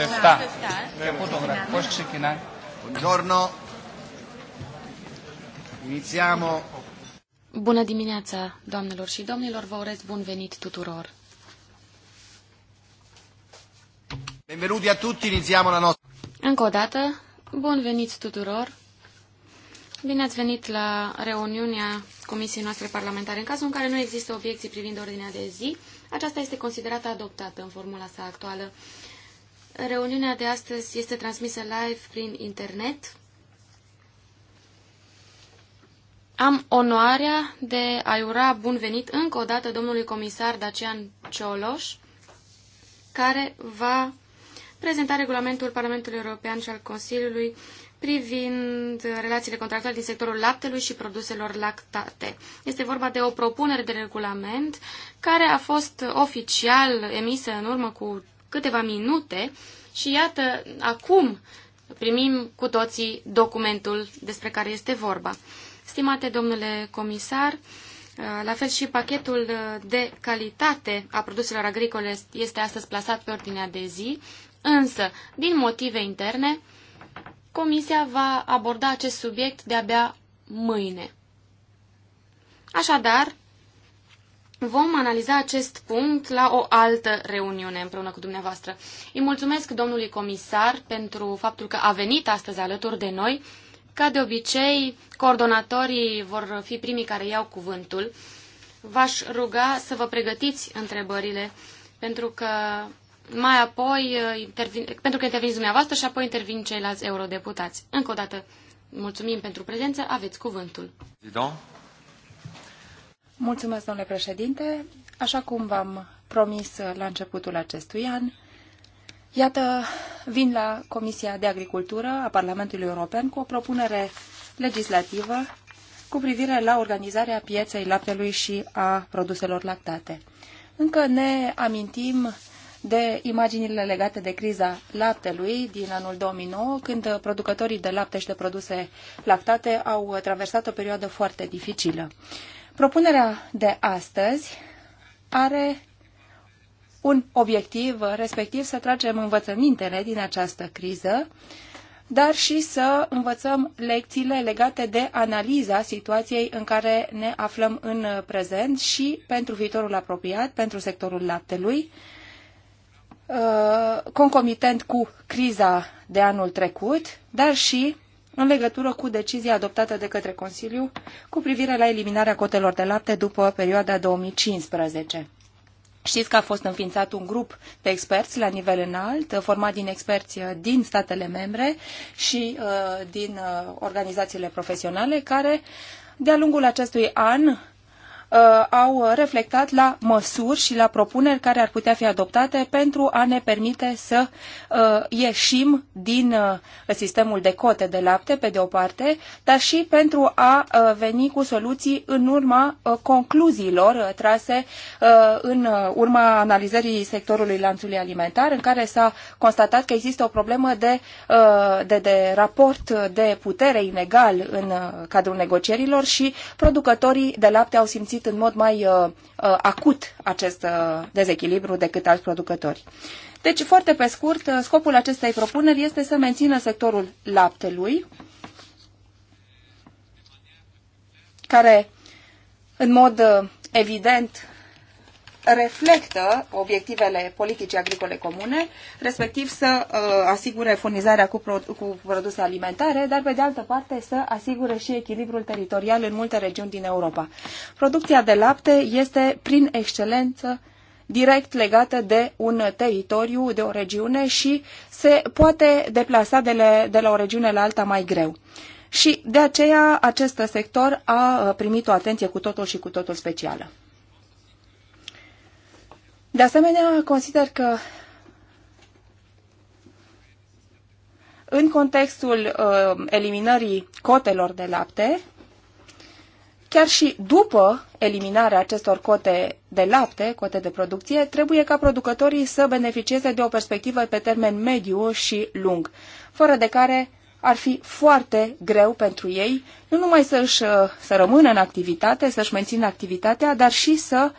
το Και πού το γράφει, πώς ξεκινάει. Buongiorno. Iniziamo. Bună dimineața, doamnelor și domnilor, vă urez bun venit tuturor. Benvenuti a tutti, iniziamo la nostra. Încă o dată, bun venit tuturor. Bine ați venit la reuniunea Comisiei noastre parlamentare. În cazul în care nu există obiecții privind ordinea de zi, aceasta este considerată adoptată în formula sa actuală. Reuniunea de astăzi este transmisă live prin internet. Am onoarea de a ura bun venit încă o dată domnului comisar Dacian Cioloș, care va prezenta regulamentul Parlamentului European și al Consiliului privind relațiile contractuale din sectorul laptelui și produselor lactate. Este vorba de o propunere de regulament care a fost oficial emisă în urmă cu câteva minute și iată, acum primim cu toții documentul despre care este vorba. Stimate domnule comisar, la fel și pachetul de calitate a produselor agricole este astăzi plasat pe ordinea de zi, însă, din motive interne, Comisia va aborda acest subiect de-abia mâine. Așadar, Vom analiza acest punct la o altă reuniune împreună cu dumneavoastră. Îi mulțumesc domnului comisar pentru faptul că a venit astăzi alături de noi. Ca de obicei, coordonatorii vor fi primii care iau cuvântul. V-aș ruga să vă pregătiți întrebările, pentru că mai apoi, uh, intervin, pentru că interveniți dumneavoastră și apoi intervin ceilalți eurodeputați. Încă o dată, mulțumim pentru prezență, aveți cuvântul. Zidon. Mulțumesc, domnule președinte. Așa cum v-am promis la începutul acestui an, iată, vin la Comisia de Agricultură a Parlamentului European cu o propunere legislativă cu privire la organizarea pieței laptelui și a produselor lactate. Încă ne amintim de imaginile legate de criza laptelui din anul 2009, când producătorii de lapte și de produse lactate au traversat o perioadă foarte dificilă. Propunerea de astăzi are un obiectiv, respectiv să tragem învățămintele din această criză, dar și să învățăm lecțiile legate de analiza situației în care ne aflăm în prezent și pentru viitorul apropiat, pentru sectorul laptelui, uh, concomitent cu criza de anul trecut, dar și în legătură cu decizia adoptată de către Consiliu cu privire la eliminarea cotelor de lapte după perioada 2015. Știți că a fost înființat un grup de experți la nivel înalt, format din experți uh, din statele membre și uh, din uh, organizațiile profesionale, care de-a lungul acestui an Uh, au reflectat la măsuri și la propuneri care ar putea fi adoptate pentru a ne permite să uh, ieșim din uh, sistemul de cote de lapte, pe de o parte, dar și pentru a veni cu soluții în urma concluziilor trase în urma analizării sectorului lanțului alimentar, în care s-a constatat că există o problemă de, de, de raport de putere inegal în cadrul negocierilor și producătorii de lapte au simțit simțit în mod mai uh, uh, acut acest uh, dezechilibru decât alți producători. Deci, foarte pe scurt, scopul acestei propuneri este să mențină sectorul laptelui, care, în mod evident, reflectă obiectivele politicii agricole comune, respectiv să uh, asigure furnizarea cu, pro cu produse alimentare, dar pe de altă parte să asigure și echilibrul teritorial în multe regiuni din Europa. Producția de lapte este prin excelență direct legată de un teritoriu, de o regiune și se poate deplasa de, le, de la o regiune la alta mai greu. Și de aceea acest sector a uh, primit o atenție cu totul și cu totul specială. De asemenea, consider că în contextul uh, eliminării cotelor de lapte, chiar și după eliminarea acestor cote de lapte, cote de producție, trebuie ca producătorii să beneficieze de o perspectivă pe termen mediu și lung, fără de care ar fi foarte greu pentru ei, nu numai să, -și, uh, să rămână în activitate, să-și mențină activitatea, dar și să uh,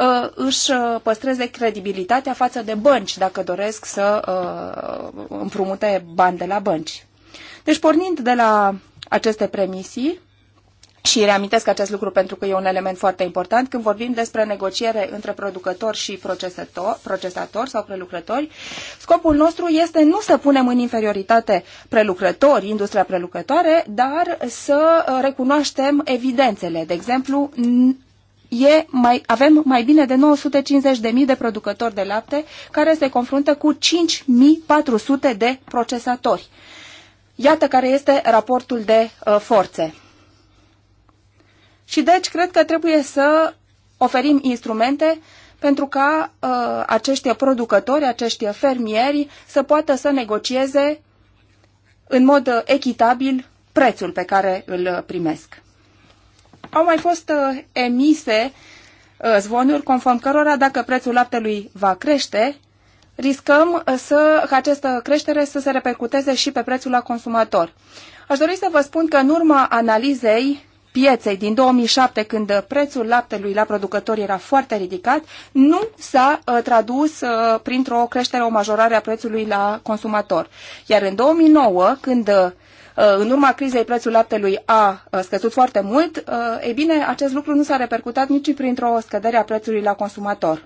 Uh, își uh, păstreze credibilitatea față de bănci dacă doresc să uh, împrumute bani de la bănci. Deci pornind de la aceste premisii, și reamintesc acest lucru pentru că e un element foarte important. Când vorbim despre negociere între producători și procesatori sau prelucrători, scopul nostru este nu să punem în inferioritate prelucrători, industria prelucrătoare, dar să recunoaștem evidențele. De exemplu, e mai, avem mai bine de 950.000 de producători de lapte care se confruntă cu 5.400 de procesatori. Iată care este raportul de uh, forțe. Și deci cred că trebuie să oferim instrumente pentru ca uh, acești producători, acești fermieri să poată să negocieze în mod uh, echitabil prețul pe care îl primesc. Au mai fost uh, emise uh, zvonuri conform cărora dacă prețul laptelui va crește, riscăm uh, să, ca această creștere să se repercuteze și pe prețul la consumator. Aș dori să vă spun că în urma analizei pieței din 2007, când prețul laptelui la producători era foarte ridicat, nu s-a tradus printr-o creștere, o majorare a prețului la consumator. Iar în 2009, când Uh, în urma crizei prețul laptelui a uh, scăzut foarte mult, uh, e bine, acest lucru nu s-a repercutat nici printr-o scădere a prețului la consumator.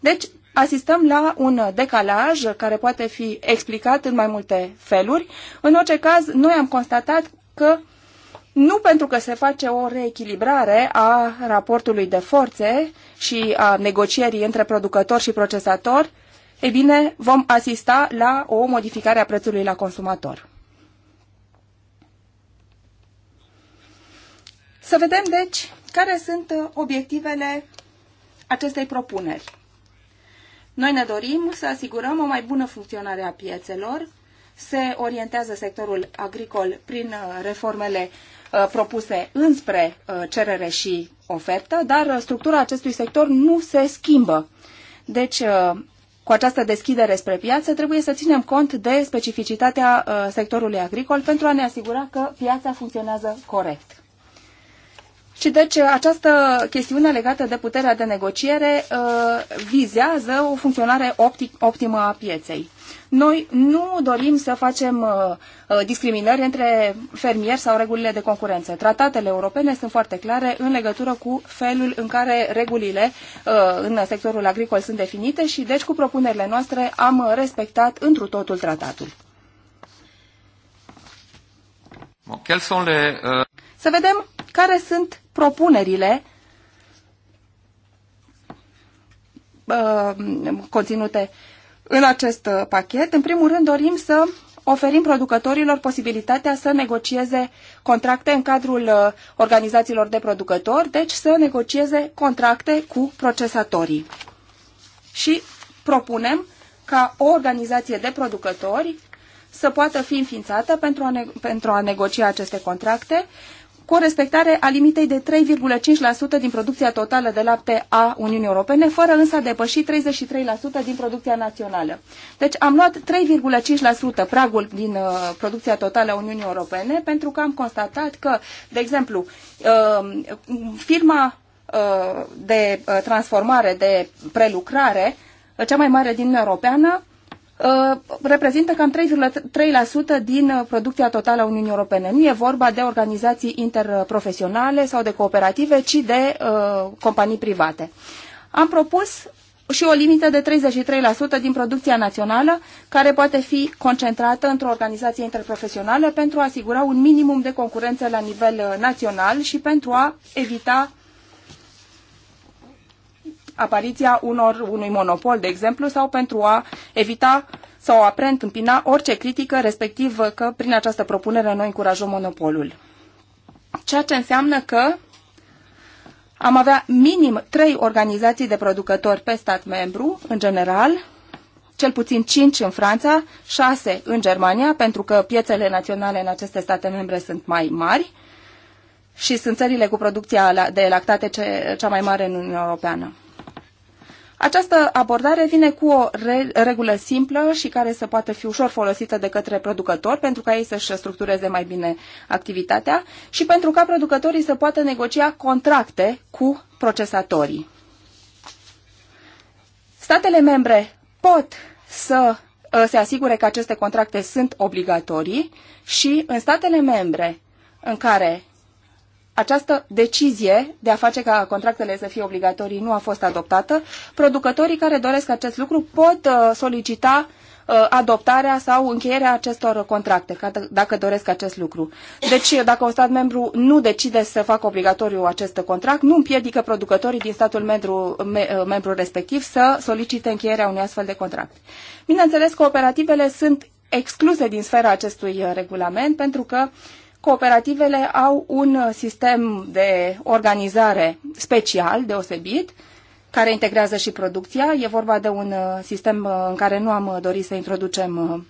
Deci, asistăm la un decalaj care poate fi explicat în mai multe feluri. În orice caz, noi am constatat că nu pentru că se face o reechilibrare a raportului de forțe și a negocierii între producător și procesator, e bine, vom asista la o modificare a prețului la consumator. Să vedem, deci, care sunt uh, obiectivele acestei propuneri. Noi ne dorim să asigurăm o mai bună funcționare a piețelor, se orientează sectorul agricol prin uh, reformele uh, propuse înspre cerere și ofertă, dar structura acestui sector nu se schimbă. Deci, cu această deschidere spre piață, trebuie să ținem cont de specificitatea sectorului agricol pentru a ne asigura că piața funcționează corect. Și deci uh, această chestiune legată de puterea de negociere uh, vizează o funcționare optimă a pieței. Noi nu dorim să facem uh, discriminări între fermieri sau regulile de concurență. Tratatele europene sunt foarte clare în legătură cu felul în care regulile în sectorul agricol sunt definite și deci cu propunerile noastre am respectat întru totul tratatul. Euh, să vedem care sunt propunerile uh, conținute în acest pachet. În primul rând dorim să oferim producătorilor posibilitatea să negocieze contracte în cadrul uh, organizațiilor de producători, deci să negocieze contracte cu procesatorii. Și propunem ca o organizație de producători să poată fi înființată pentru a, pentru a negocia aceste contracte cu o respectare a limitei de 3,5% din producția totală de lapte a Uniunii Europene, fără însă a depăși 33% din producția națională. Deci am luat 3,5% pragul din uh, producția totală a Uniunii Europene pentru că am constatat că, de exemplu, uh, firma uh, de uh, transformare, de prelucrare, uh, cea mai mare din Europeană, Uh, reprezintă cam 3,3% din uh, producția totală a Uniunii Europene. Nu e vorba de organizații interprofesionale sau de cooperative, ci de uh, companii private. Am propus și o limită de 33% din producția națională, care poate fi concentrată într-o organizație interprofesională pentru a asigura un minimum de concurență la nivel uh, național și pentru a evita apariția unor, unui monopol, de exemplu, sau pentru a evita sau a preîntâmpina orice critică, respectiv că prin această propunere noi încurajăm monopolul. Ceea ce înseamnă că am avea minim trei organizații de producători pe stat membru, în general, cel puțin 5 în Franța, 6 în Germania, pentru că piețele naționale în aceste state membre sunt mai mari și sunt țările cu producția de lactate cea mai mare în Uniunea Europeană. Această abordare vine cu o re regulă simplă și care să poate fi ușor folosită de către producători pentru ca ei să-și structureze mai bine activitatea și pentru ca producătorii să poată negocia contracte cu procesatorii. Statele membre pot să uh, se asigure că aceste contracte sunt obligatorii și în statele membre în care această decizie de a face ca contractele să fie obligatorii nu a fost adoptată. Producătorii care doresc acest lucru pot uh, solicita uh, adoptarea sau încheierea acestor contracte, dacă doresc acest lucru. Deci, dacă un stat membru nu decide să facă obligatoriu acest contract, nu împiedică producătorii din statul membru, uh, membru respectiv să solicite încheierea unui astfel de contract. Bineînțeles, cooperativele sunt excluse din sfera acestui regulament pentru că uh, cooperativele au un sistem de organizare special, deosebit, care integrează și producția. E vorba de un uh, sistem uh, în care nu am uh, dorit să introducem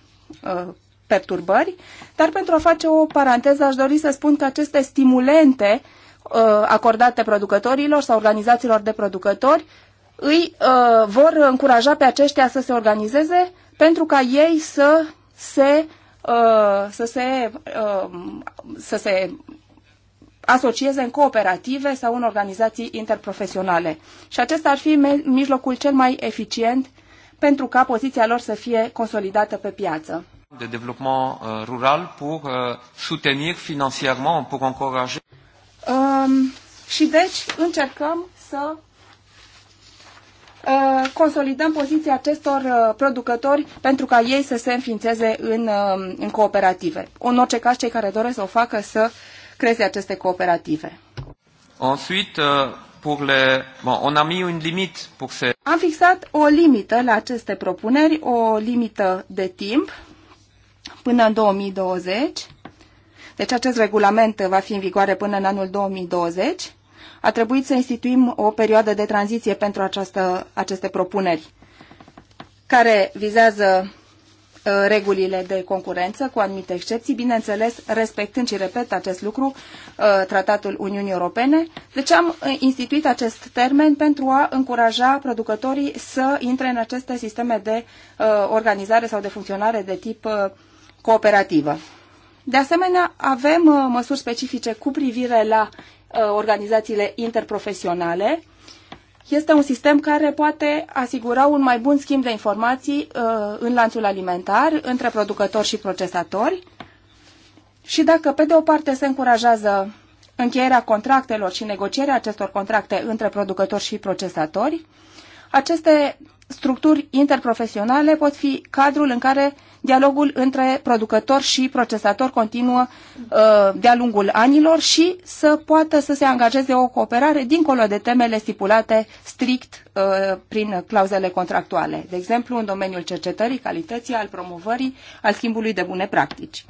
perturbări, dar pentru a face o paranteză aș dori să spun că aceste stimulente acordate producătorilor sau organizațiilor de producători îi vor încuraja pe aceștia să se organizeze pentru ca ei să se Uh, să se, uh, să se asocieze în cooperative sau în organizații interprofesionale. Și acesta ar fi mijlocul cel mai eficient pentru ca poziția lor să fie consolidată pe piață. De dezvoltare uh, rural pentru susținere financiar, pentru a Um, și deci încercăm să Uh, consolidăm poziția acestor uh, producători pentru ca ei să se înființeze în, um, în cooperative. În orice caz, cei care doresc să o facă să creeze aceste cooperative. Ensuite, uh, pour le... bon, on a mis une limite pour ce... Am fixat o limită la aceste propuneri, o limită de timp până în 2020. Deci acest regulament va fi în vigoare până în anul 2020 a trebuit să instituim o perioadă de tranziție pentru această, aceste propuneri, care vizează uh, regulile de concurență, cu anumite excepții, bineînțeles, respectând și repet acest lucru, uh, Tratatul Uniunii Europene. Deci am uh, instituit acest termen pentru a încuraja producătorii să intre în aceste sisteme de organizare sau de funcționare de tip cooperativă. De asemenea, avem măsuri specifice cu privire la Uh, organizațiile interprofesionale. Este un sistem care poate asigura un mai bun schimb de informații uh, în lanțul alimentar între producători și procesatori. Și dacă, pe de o parte, se încurajează încheierea contractelor și negocierea acestor contracte între producători și procesatori, aceste structuri interprofesionale pot fi cadrul în care dialogul între producător și procesator continuă uh, de-a lungul anilor și să poată să se angajeze o cooperare dincolo de temele stipulate strict uh, prin clauzele contractuale, de exemplu în domeniul cercetării, calității, al promovării, al schimbului de bune practici.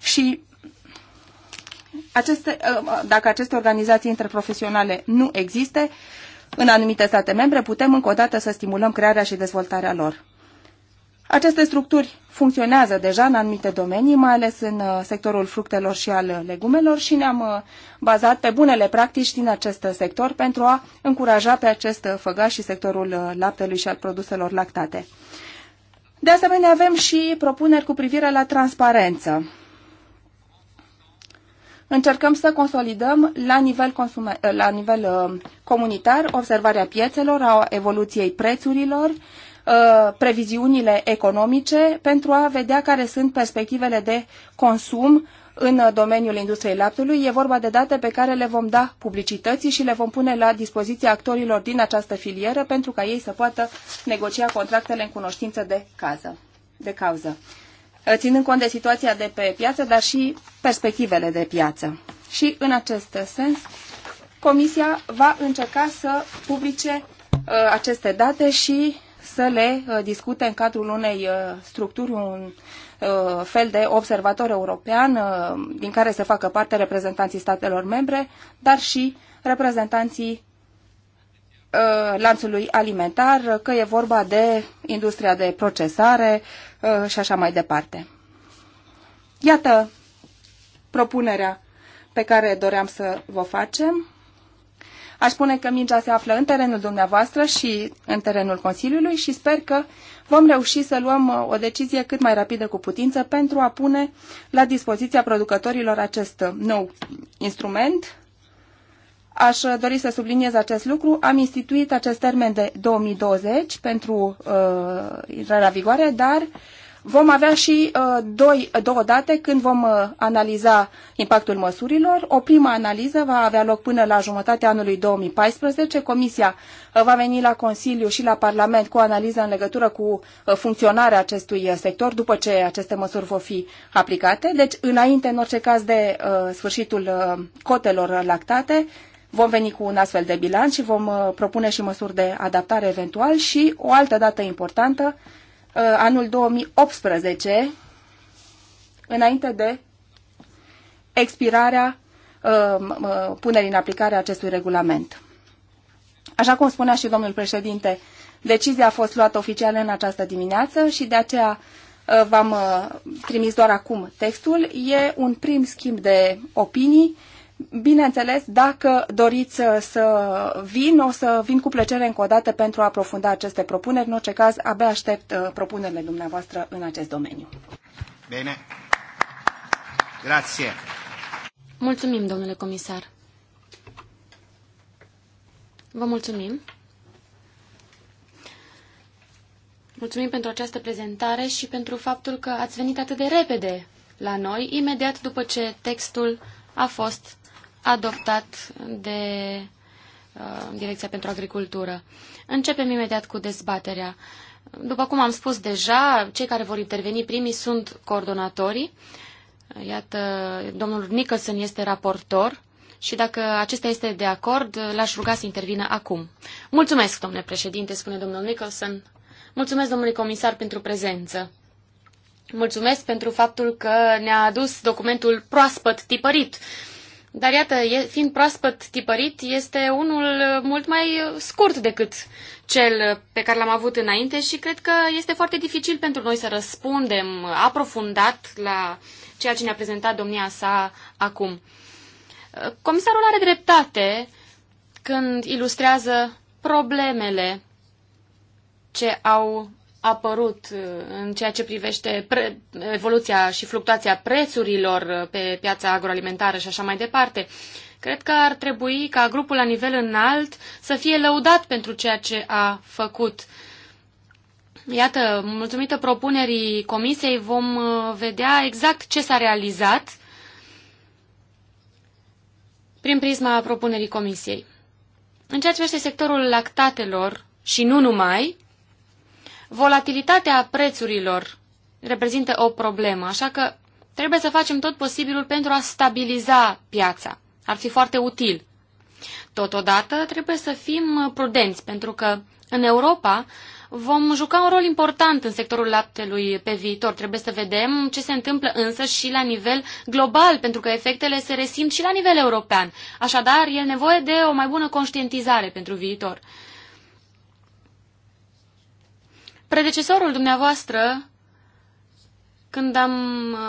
Și aceste, uh, dacă aceste organizații interprofesionale nu există, în anumite state membre, putem încă o dată să stimulăm crearea și dezvoltarea lor. Aceste structuri funcționează deja în anumite domenii, mai ales în uh, sectorul fructelor și al uh, legumelor și ne-am uh, bazat pe bunele practici din acest sector pentru a încuraja pe acest făgaș și sectorul laptelui și al produselor lactate. De asemenea, avem și propuneri cu privire la transparență. Încercăm să consolidăm la nivel, consume, eh, la nivel eh, comunitar observarea piețelor, a evoluției prețurilor, eh, previziunile economice pentru a vedea care sunt perspectivele de consum în domeniul industriei laptelui. E vorba de date pe care le vom da publicității și le vom pune la dispoziția actorilor din această filieră pentru ca ei să poată negocia contractele în cunoștință de, cază, de cauză. Uh, ținând cont de situația de pe piață, dar și perspectivele de piață. Și în acest sens, Comisia va încerca să publice uh, aceste date și să le uh, discute în cadrul unei structuri, un fel de observator european din care să facă parte reprezentanții statelor membre, dar și reprezentanții Uh, lanțului alimentar, că e vorba de industria de procesare uh, și așa mai departe. Iată propunerea pe care doream să vă facem. Aș spune că mingea se află în terenul dumneavoastră și în terenul Consiliului și sper că vom reuși să luăm uh, o decizie cât mai rapidă cu putință pentru a pune la dispoziția producătorilor acest nou instrument Aș uh, dori să subliniez acest lucru. Am instituit acest termen de 2020 pentru uh, intrarea vigoare, dar vom avea și uh, doi, două date când vom uh, analiza impactul măsurilor. O prima analiză va avea loc până la jumătatea anului 2014. Comisia uh, va veni la Consiliu și la Parlament cu o analiză în legătură cu uh, funcționarea acestui sector după ce aceste măsuri vor fi aplicate. Deci, înainte, în orice caz, de uh, sfârșitul uh, cotelor lactate, Vom veni cu un astfel de bilanț și vom uh, propune și măsuri de adaptare eventual și o altă dată importantă, uh, anul 2018, înainte de expirarea uh, punerii în aplicare a acestui regulament. Așa cum spunea și domnul președinte, decizia a fost luată oficial în această dimineață și de aceea v-am trimis doar acum textul. E un prim schimb de opinii Bineînțeles, dacă doriți să vin, o să vin cu plăcere încă o dată pentru a aprofunda aceste propuneri. În orice caz, abia aștept uh, propunerile dumneavoastră în acest domeniu. Bine. Grație. Mulțumim, domnule comisar. Vă mulțumim. Mulțumim pentru această prezentare și pentru faptul că ați venit atât de repede la noi, imediat după ce textul a fost adoptat de uh, Direcția pentru Agricultură. Începem imediat cu dezbaterea. După cum am spus deja, cei care vor interveni primii sunt coordonatorii. Iată, domnul Nicholson este raportor și dacă acesta este de acord, l-aș ruga să intervină acum. Mulțumesc, domnule președinte, spune domnul Nicholson. Mulțumesc, domnului comisar, pentru prezență. Mulțumesc pentru faptul că ne-a adus documentul proaspăt tipărit. Uh, dar iată, fiind proaspăt tipărit, este unul mult mai scurt decât cel pe care l-am avut înainte și cred că este foarte dificil pentru noi să răspundem aprofundat la ceea ce ne-a prezentat domnia sa acum. Comisarul are dreptate când ilustrează problemele ce au apărut uh, în ceea ce privește pre- evoluția și fluctuația prețurilor uh, pe piața agroalimentară și așa mai departe. Cred că ar trebui ca grupul la nivel înalt să fie lăudat pentru ceea ce a făcut. Iată, mulțumită propunerii comisiei vom uh, vedea exact ce s-a realizat prin prisma propunerii comisiei. În ceea ce privește sectorul lactatelor și nu numai, Volatilitatea prețurilor reprezintă o problemă, așa că trebuie să facem tot posibilul pentru a stabiliza piața. Ar fi foarte util. Totodată trebuie să fim prudenți, pentru că în Europa vom juca un rol important în sectorul laptelui pe viitor. Trebuie să vedem ce se întâmplă însă și la nivel global, pentru că efectele se resimt și la nivel european. Așadar, e nevoie de o mai bună conștientizare pentru viitor. Predecesorul dumneavoastră, când am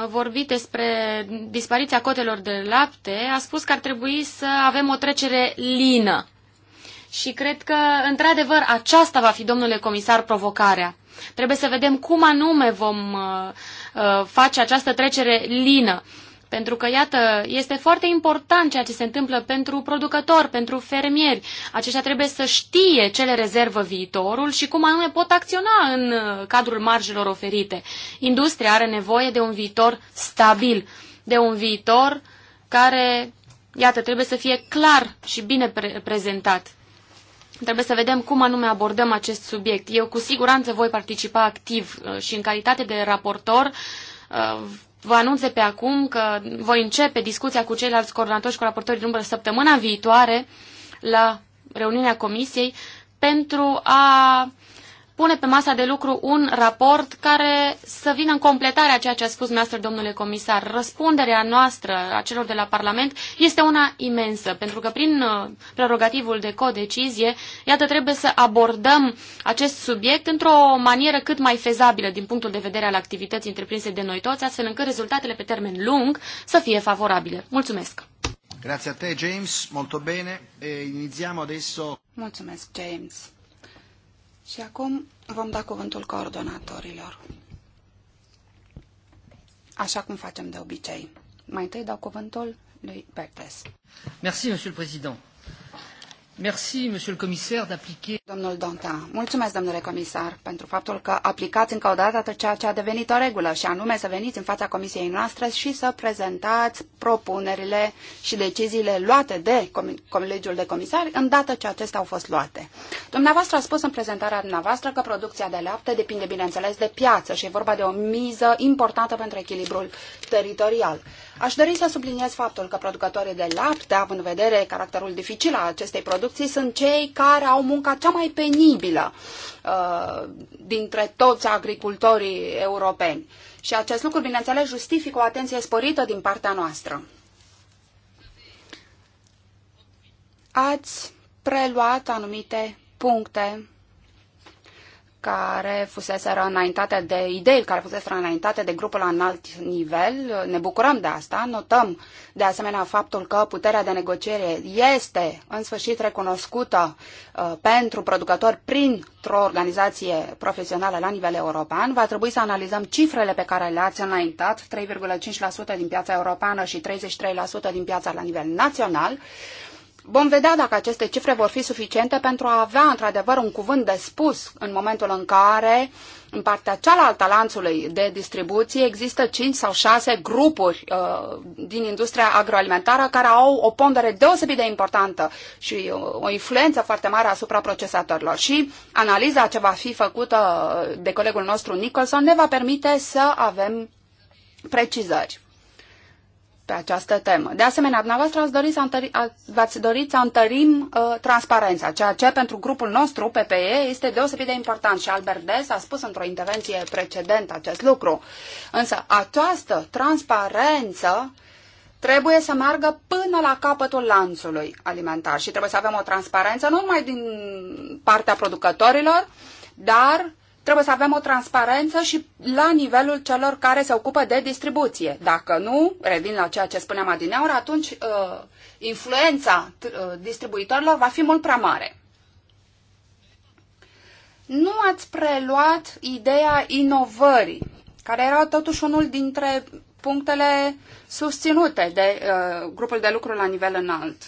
vorbit despre dispariția cotelor de lapte, a spus că ar trebui să avem o trecere lină. Și cred că, într-adevăr, aceasta va fi, domnule comisar, provocarea. Trebuie să vedem cum anume vom uh, uh face această trecere lină. Uh, pentru că, iată, este foarte important ceea ce se întâmplă pentru producători, pentru fermieri. Aceștia trebuie să știe ce le rezervă viitorul și cum anume pot acționa în uh, cadrul marjelor oferite. Industria are nevoie de un viitor stabil, de un viitor care, iată, trebuie să fie clar și bine pre- prezentat. Trebuie să vedem cum anume abordăm acest subiect. Eu cu siguranță voi participa activ uh, și în calitate de raportor uh, vă anunțe pe acum că voi începe discuția cu ceilalți coordonatori și cu din umbră săptămâna viitoare la reuniunea comisiei pentru a pune pe masa de lucru un raport care să vină în completare a ceea ce a spus noastră, domnule comisar. Răspunderea noastră a celor de la Parlament este una imensă, pentru că prin uh, prerogativul de codecizie, iată, trebuie să abordăm acest subiect într-o manieră cât mai fezabilă din punctul de vedere al activității întreprinse de noi toți, astfel încât rezultatele pe termen lung să fie favorabile. Mulțumesc! Grazie a te, James. Molto bene. E iniziamo adesso. Mulțumesc, James. Și acum vom da cuvântul coordonatorilor. Așa cum facem de obicei. Mai întâi dau cuvântul lui Bertes. Merci, Monsieur le Président. Merci, monsieur le commissaire, d'appliquer... Domnul Donta, mulțumesc, domnule comisar, pentru faptul că aplicați încă o dată ceea ce a devenit o regulă, și anume să veniți în fața comisiei noastre și să prezentați propunerile și deciziile luate de Colegiul de Comisari, îndată ce acestea au fost luate. Dumneavoastră a spus în prezentarea dumneavoastră că producția de lapte depinde, bineînțeles, de piață și e vorba de o miză importantă pentru echilibrul teritorial. Aș dori să subliniez faptul că producătorii de lapte, având în vedere caracterul dificil al acestei producții, sunt cei care au munca cea mai penibilă uh, dintre toți agricultorii europeni. Și acest lucru, bineînțeles, justifică o atenție sporită din partea noastră. Ați preluat anumite puncte care fusese înaintate de idei care fusese înaintate de grupul la înalt nivel. Ne bucurăm de asta, notăm de asemenea faptul că puterea de negociere este în sfârșit recunoscută uh, pentru producători printr-o organizație profesională la nivel european. Va trebui să analizăm cifrele pe care le-ați înaintat, 3,5% din piața europeană și 33% din piața la nivel național. Vom vedea dacă aceste cifre vor fi suficiente pentru a avea într-adevăr un cuvânt de spus în momentul în care în partea cealaltă a lanțului de distribuție există 5 sau 6 grupuri uh, din industria agroalimentară care au o pondere deosebit de importantă și uh, o influență foarte mare asupra procesatorilor. Și analiza ce va fi făcută de colegul nostru Nicholson ne va permite să avem precizări pe această temă. De asemenea, dumneavoastră ați dorit să, întări, ați dorit să întărim uh, transparența, ceea ce pentru grupul nostru, PPE, este deosebit de important și Albert Des a spus într-o intervenție precedentă acest lucru. Însă această transparență trebuie să meargă până la capătul lanțului alimentar și trebuie să avem o transparență nu numai din partea producătorilor, dar Trebuie să avem o transparență și la nivelul celor care se ocupă de distribuție. Dacă nu, revin la ceea ce spuneam adineaur, atunci uh, influența uh, distribuitorilor va fi mult prea mare. Nu ați preluat ideea inovării, care era totuși unul dintre punctele susținute de uh, grupul de lucru la nivel înalt.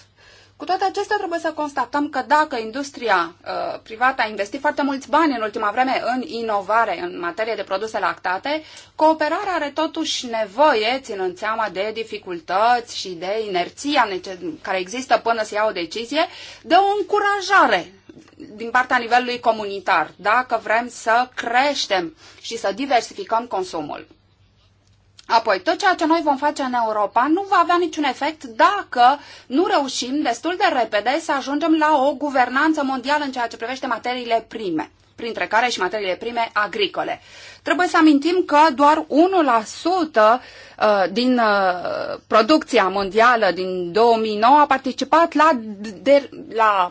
Cu toate acestea, trebuie să constatăm că dacă industria uh, privată a investit foarte mulți bani în ultima vreme în inovare în materie de produse lactate, cooperarea are totuși nevoie, ținând seama de dificultăți și de inerția care există până să ia o decizie, de o încurajare din partea nivelului comunitar, dacă vrem să creștem și să diversificăm consumul. Apoi, tot ceea ce noi vom face în Europa nu va avea niciun efect dacă nu reușim destul de repede să ajungem la o guvernanță mondială în ceea ce privește materiile prime printre care și materiile prime agricole. Trebuie să amintim că doar 1% uh, din uh, producția mondială din 2009 a participat la, de, la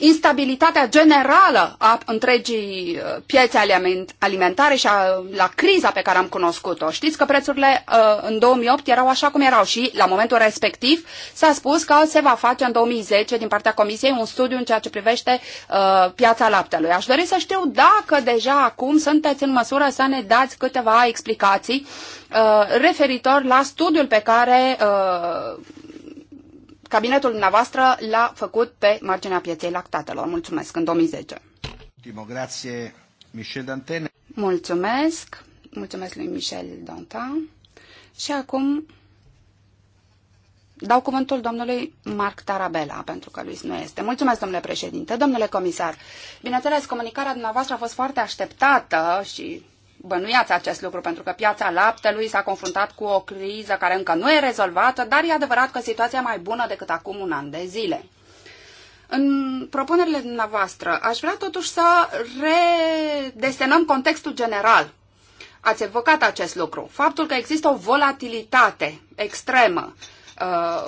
instabilitatea generală a întregii uh, piețe alimentare și a, la criza pe care am cunoscut-o. Știți că prețurile uh, în 2008 erau așa cum erau și la momentul respectiv s-a spus că se va face în 2010 din partea Comisiei un studiu în ceea ce privește uh, piața laptelui. Aș dori să știu dacă deja acum sunteți în măsură să ne dați câteva explicații uh, referitor la studiul pe care uh, cabinetul dumneavoastră l-a făcut pe marginea pieței lactatelor. Mulțumesc, în 2010. Ultimo, grație, Michel Dantene. Mulțumesc, mulțumesc lui Michel Dantin. Și acum dau cuvântul domnului Marc Tarabella, pentru că lui nu este. Mulțumesc, domnule președinte, domnule comisar. Bineînțeles, comunicarea dumneavoastră a fost foarte așteptată și bănuiați acest lucru, pentru că piața laptelui s-a confruntat cu o criză care încă nu e rezolvată, dar e adevărat că situația e mai bună decât acum un an de zile. În propunerile dumneavoastră, aș vrea totuși să redesenăm contextul general. Ați evocat acest lucru, faptul că există o volatilitate extremă Uh,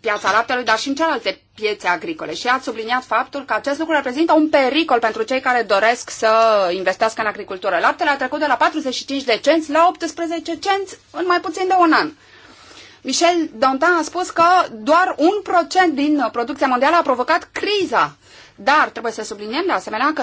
piața laptelui, dar și în celelalte piețe agricole. Și ați subliniat faptul că acest lucru reprezintă un pericol pentru cei care doresc să investească în agricultură. Laptele a trecut de la 45 de cenți la 18 cenți în mai puțin de un an. Michel Dantin a spus că doar un procent din producția mondială a provocat criza dar trebuie să subliniem de asemenea că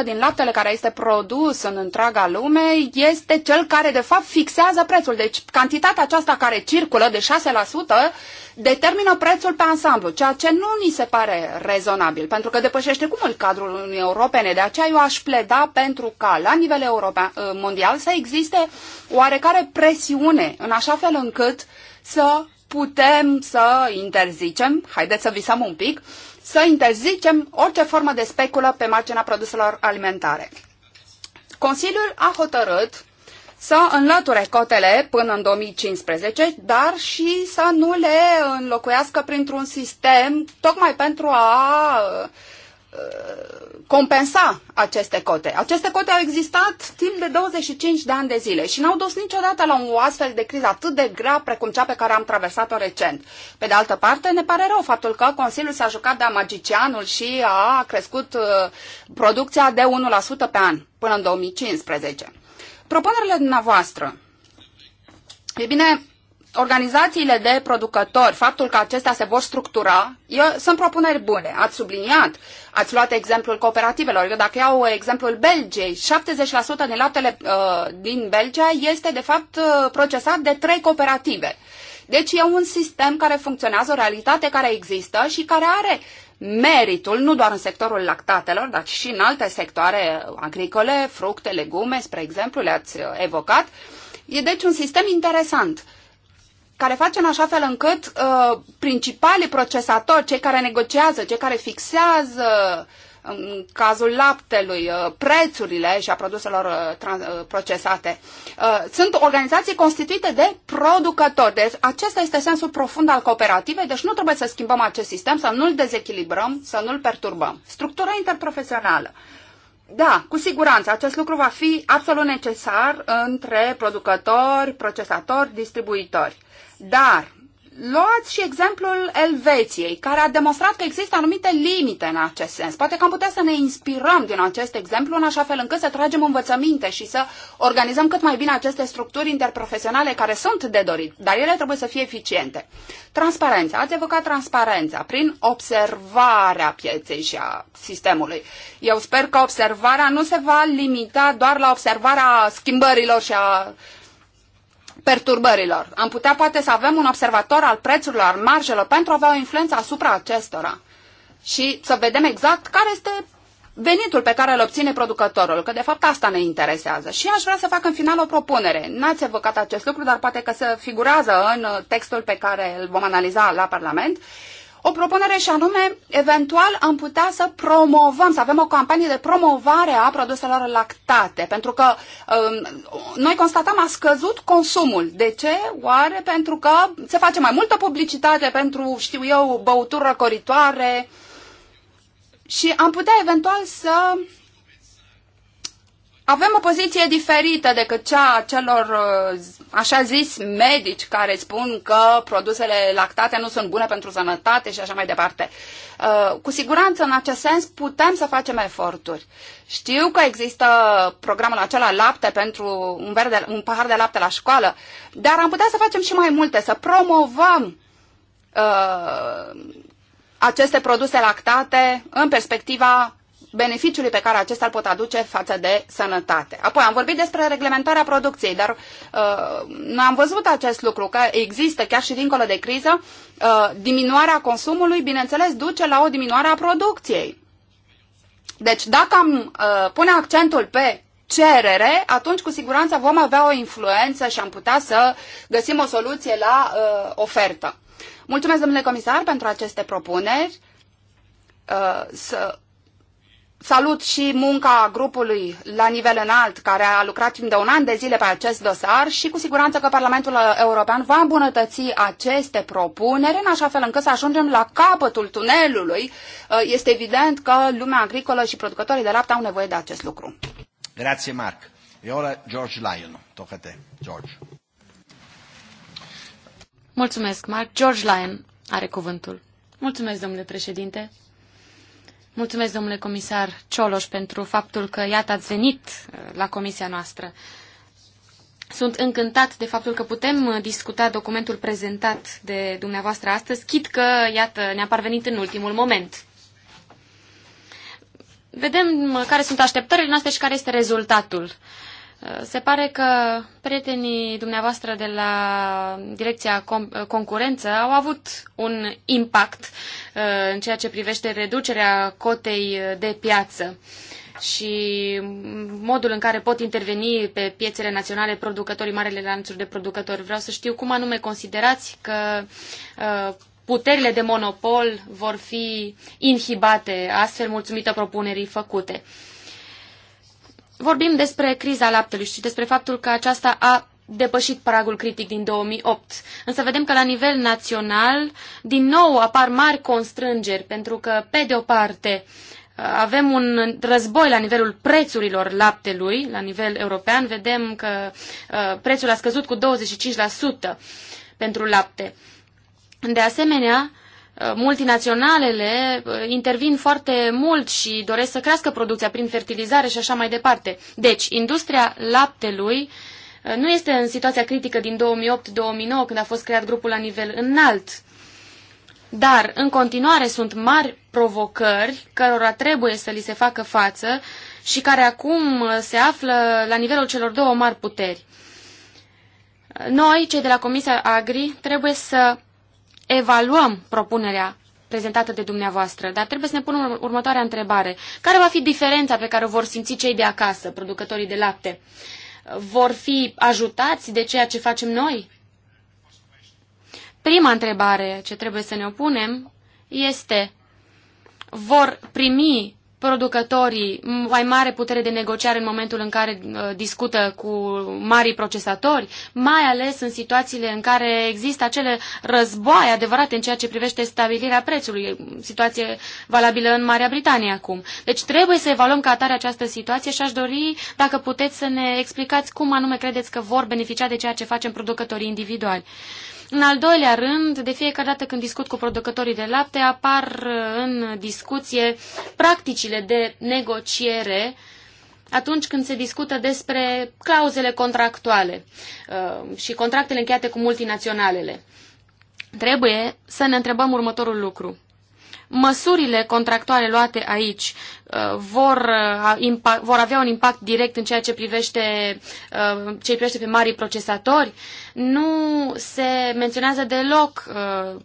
6% din laptele care este produs în întreaga lume este cel care de fapt fixează prețul. Deci cantitatea aceasta care circulă de 6% determină prețul pe ansamblu, ceea ce nu ni se pare rezonabil, pentru că depășește cu mult cadrul Uniunii Europene. De aceea eu aș pleda pentru ca la nivel european, ă, mondial să existe oarecare presiune în așa fel încât să putem să interzicem, haideți să visăm un pic, să interzicem orice formă de speculă pe marginea produselor alimentare. Consiliul a hotărât să înlăture cotele până în 2015, dar și să nu le înlocuiască printr-un sistem tocmai pentru a uh, compensa aceste cote. Aceste cote au existat timp de 25 de ani de zile și n-au dus niciodată la o astfel de criză atât de grea precum cea pe care am traversat-o recent. Pe de altă parte, ne pare rău faptul că Consiliul s-a jucat de-a magicianul și a crescut uh, producția de 1% pe an până în 2015. Propunerile dumneavoastră. E bine, organizațiile de producători, faptul că acestea se vor structura, eu sunt propuneri bune. Ați subliniat, ați luat exemplul cooperativelor. Eu dacă iau exemplul Belgiei, 70% din laptele uh, din Belgia este de fapt uh, procesat de trei cooperative. Deci e un sistem care funcționează, o realitate care există și care are meritul, nu doar în sectorul lactatelor, dar și în alte sectoare agricole, fructe, legume, spre exemplu, le-ați uh, evocat. E deci un sistem interesant care face în așa fel încât uh, principalii procesatori, cei care negociază, cei care fixează în cazul laptelui, uh, prețurile și a produselor uh, uh procesate. Uh, sunt organizații constituite de producători. Deci acesta este sensul profund al cooperativei, deci nu trebuie să schimbăm acest sistem, să nu-l dezechilibrăm, să nu-l perturbăm. Structura interprofesională. Da, cu siguranță, acest lucru va fi absolut necesar între producători, procesatori, distribuitori. Dar luați și exemplul Elveției, care a demonstrat că există anumite limite în acest sens. Poate că am putea să ne inspirăm din acest exemplu în așa fel încât să tragem învățăminte și să organizăm cât mai bine aceste structuri interprofesionale care sunt de dorit, dar ele trebuie să fie eficiente. Transparența. Ați evocat transparența prin observarea pieței și a sistemului. Eu sper că observarea nu se va limita doar la observarea schimbărilor și a perturbărilor. Am putea poate să avem un observator al prețurilor, al marjelor, pentru a avea o influență asupra acestora și să vedem exact care este venitul pe care îl obține producătorul, că de fapt asta ne interesează. Și aș vrea să fac în final o propunere. N-ați evocat acest lucru, dar poate că se figurează în textul pe care îl vom analiza la Parlament o propunere și anume, eventual am putea să promovăm, să avem o campanie de promovare a produselor lactate, pentru că um, noi constatăm a scăzut consumul. De ce? Oare pentru că se face mai multă publicitate pentru, știu eu, băuturi răcoritoare și am putea eventual să avem o poziție diferită decât cea a celor, uh, așa zis, medici care spun că produsele lactate nu sunt bune pentru sănătate și așa mai departe. Uh, cu siguranță, în acest sens, putem să facem eforturi. Știu că există programul acela lapte pentru un, verde, un pahar de lapte la școală, dar am putea să facem și mai multe, să promovăm uh, aceste produse lactate în perspectiva beneficiului pe care acesta îl pot aduce față de sănătate. Apoi am vorbit despre reglementarea producției, dar uh, am văzut acest lucru, că există chiar și dincolo de criză, uh, diminuarea consumului, bineînțeles, duce la o diminuare a producției. Deci dacă am uh, pune accentul pe cerere, atunci cu siguranță vom avea o influență și am putea să găsim o soluție la uh, ofertă. Mulțumesc, domnule comisar, pentru aceste propuneri. Uh, să Salut și munca grupului la nivel înalt, care a lucrat timp de un an de zile pe acest dosar și cu siguranță că Parlamentul European va îmbunătăți aceste propuneri în așa fel încât să ajungem la capătul tunelului. Uh, este evident că lumea agricolă și producătorii de lapte au nevoie de acest lucru. Grazie, Marc. E ora George Lyon. Tocca te, George. Mulțumesc, Marc. George Lyon are cuvântul. Mulțumesc, domnule președinte. Mulțumesc, domnule comisar Cioloș, pentru faptul că, iată, ați venit uh, la comisia noastră. Sunt încântat de faptul că putem uh, discuta documentul prezentat de dumneavoastră astăzi, chit că, iată, ne-a parvenit în ultimul moment. Vedem uh, care sunt așteptările noastre și care este rezultatul. Se pare că prietenii dumneavoastră de la Direcția Concurență au avut un impact uh, în ceea ce privește reducerea cotei de piață și modul în care pot interveni pe piețele naționale producătorii, marele lanțuri de producători. Vreau să știu cum anume considerați că uh, puterile de monopol vor fi inhibate, astfel mulțumită propunerii făcute vorbim despre criza laptelui și despre faptul că aceasta a depășit pragul critic din 2008. Însă vedem că la nivel național din nou apar mari constrângeri, pentru că, pe de o parte, avem un război la nivelul prețurilor laptelui, la nivel european, vedem că uh, prețul a scăzut cu 25% pentru lapte. De asemenea, Uh, multinaționalele uh, intervin foarte mult și doresc să crească producția prin fertilizare și așa mai departe. Deci, industria laptelui uh, nu este în situația critică din 2008-2009, când a fost creat grupul la nivel înalt. Dar, în continuare, sunt mari provocări cărora trebuie să li se facă față și care acum se află la nivelul celor două mari puteri. Noi, cei de la Comisia Agri, trebuie să evaluăm propunerea prezentată de dumneavoastră, dar trebuie să ne punem următoarea întrebare. Care va fi diferența pe care o vor simți cei de acasă, producătorii de lapte? Vor fi ajutați de ceea ce facem noi? Prima întrebare ce trebuie să ne opunem este vor primi producătorii mai mare putere de negociare în momentul în care uh, discută cu marii procesatori, mai ales în situațiile în care există acele războaie adevărate în ceea ce privește stabilirea prețului, situație valabilă în Marea Britanie acum. Deci trebuie să evaluăm ca atare această situație și aș dori dacă puteți să ne explicați cum anume credeți că vor beneficia de ceea ce facem producătorii individuali. Uh, în al doilea rând, de fiecare dată când discut cu producătorii de lapte, apar uh, în discuție practicile de negociere atunci când se discută despre clauzele contractuale uh, și contractele încheiate cu multinaționalele. Trebuie să ne întrebăm următorul lucru măsurile contractuale luate aici uh, vor, uh, vor avea un impact direct în ceea ce privește, uh, ce privește pe marii procesatori? Nu se menționează deloc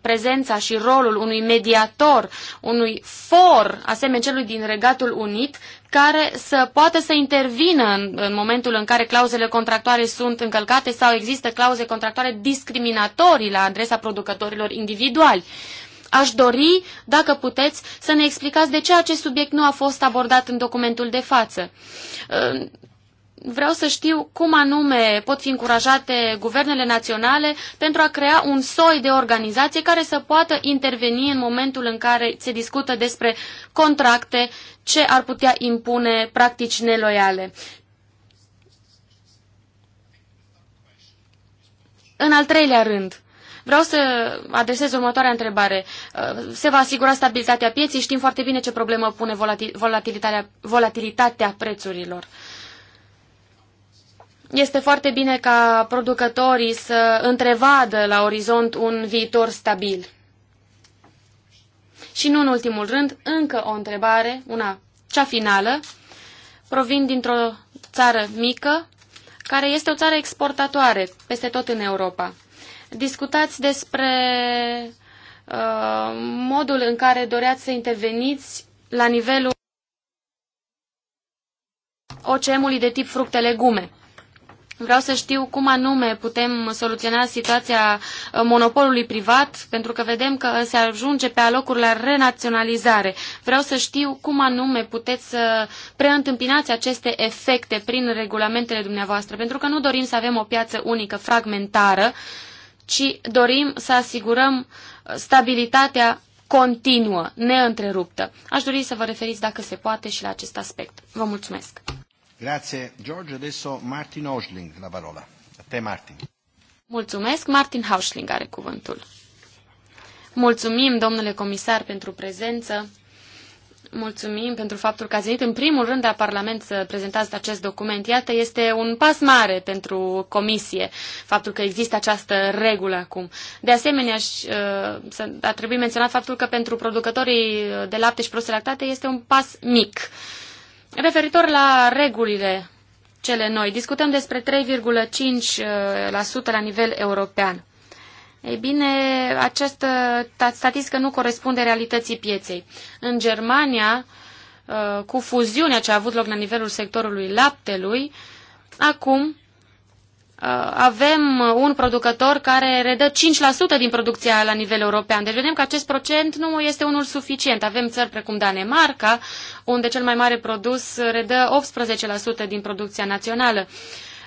prezența și rolul unui mediator, unui for asemenea celui din Regatul Unit, care să poată să intervină în, în momentul în care clauzele contractuale sunt încălcate sau există clauze contractuale discriminatorii la adresa producătorilor individuali. Uh, Aș dori, dacă puteți, să ne explicați de ce acest subiect nu a fost abordat în documentul de față. Uh, vreau să știu cum anume pot fi încurajate guvernele naționale pentru a crea un soi de organizație care să poată interveni în momentul în care se discută despre contracte ce ar putea impune practici neloiale. În al treilea rând, Vreau să adresez următoarea întrebare. Uh, se va asigura stabilitatea pieței? Știm foarte bine ce problemă pune volatilitatea, volatilitatea prețurilor. Este foarte bine ca producătorii să întrevadă la orizont un viitor stabil. Și nu în ultimul rând, încă o întrebare, una cea finală. Provin dintr-o țară mică, care este o țară exportatoare peste tot în Europa. Discutați despre uh, modul în care doreați să interveniți la nivelul OCM-ului de tip fructe-legume. Vreau să știu cum anume putem soluționa situația uh, monopolului privat, pentru că vedem că se ajunge pe alocuri la renaționalizare. Vreau să știu cum anume puteți să preîntâmpinați aceste efecte prin regulamentele dumneavoastră, pentru că nu dorim să avem o piață unică fragmentară, uh, ci dorim să asigurăm stabilitatea continuă, neîntreruptă. Aș dori să vă referiți, dacă se poate, și la acest aspect. Vă mulțumesc. Grazie, George. Adesso Martin Osling la parola. A te, Martin. Mulțumesc. Martin Hausling are cuvântul. Mulțumim, domnule comisar, pentru prezență mulțumim pentru faptul că ați venit în primul rând la Parlament să prezentați acest document. Iată, este un pas mare pentru Comisie, faptul că există această regulă acum. De asemenea, uh, ar trebui menționat faptul că pentru producătorii uh, de lapte și produse lactate este un pas mic. Referitor la regulile cele noi, discutăm despre 3,5% uh, la nivel european. Ei bine, această statistică nu corespunde realității pieței. În Germania, uh, cu fuziunea ce a avut loc la nivelul sectorului laptelui, acum uh, avem un producător care redă 5% din producția la nivel european. Deci vedem că acest procent nu este unul suficient. Avem țări precum Danemarca, unde cel mai mare produs redă 18% din producția națională.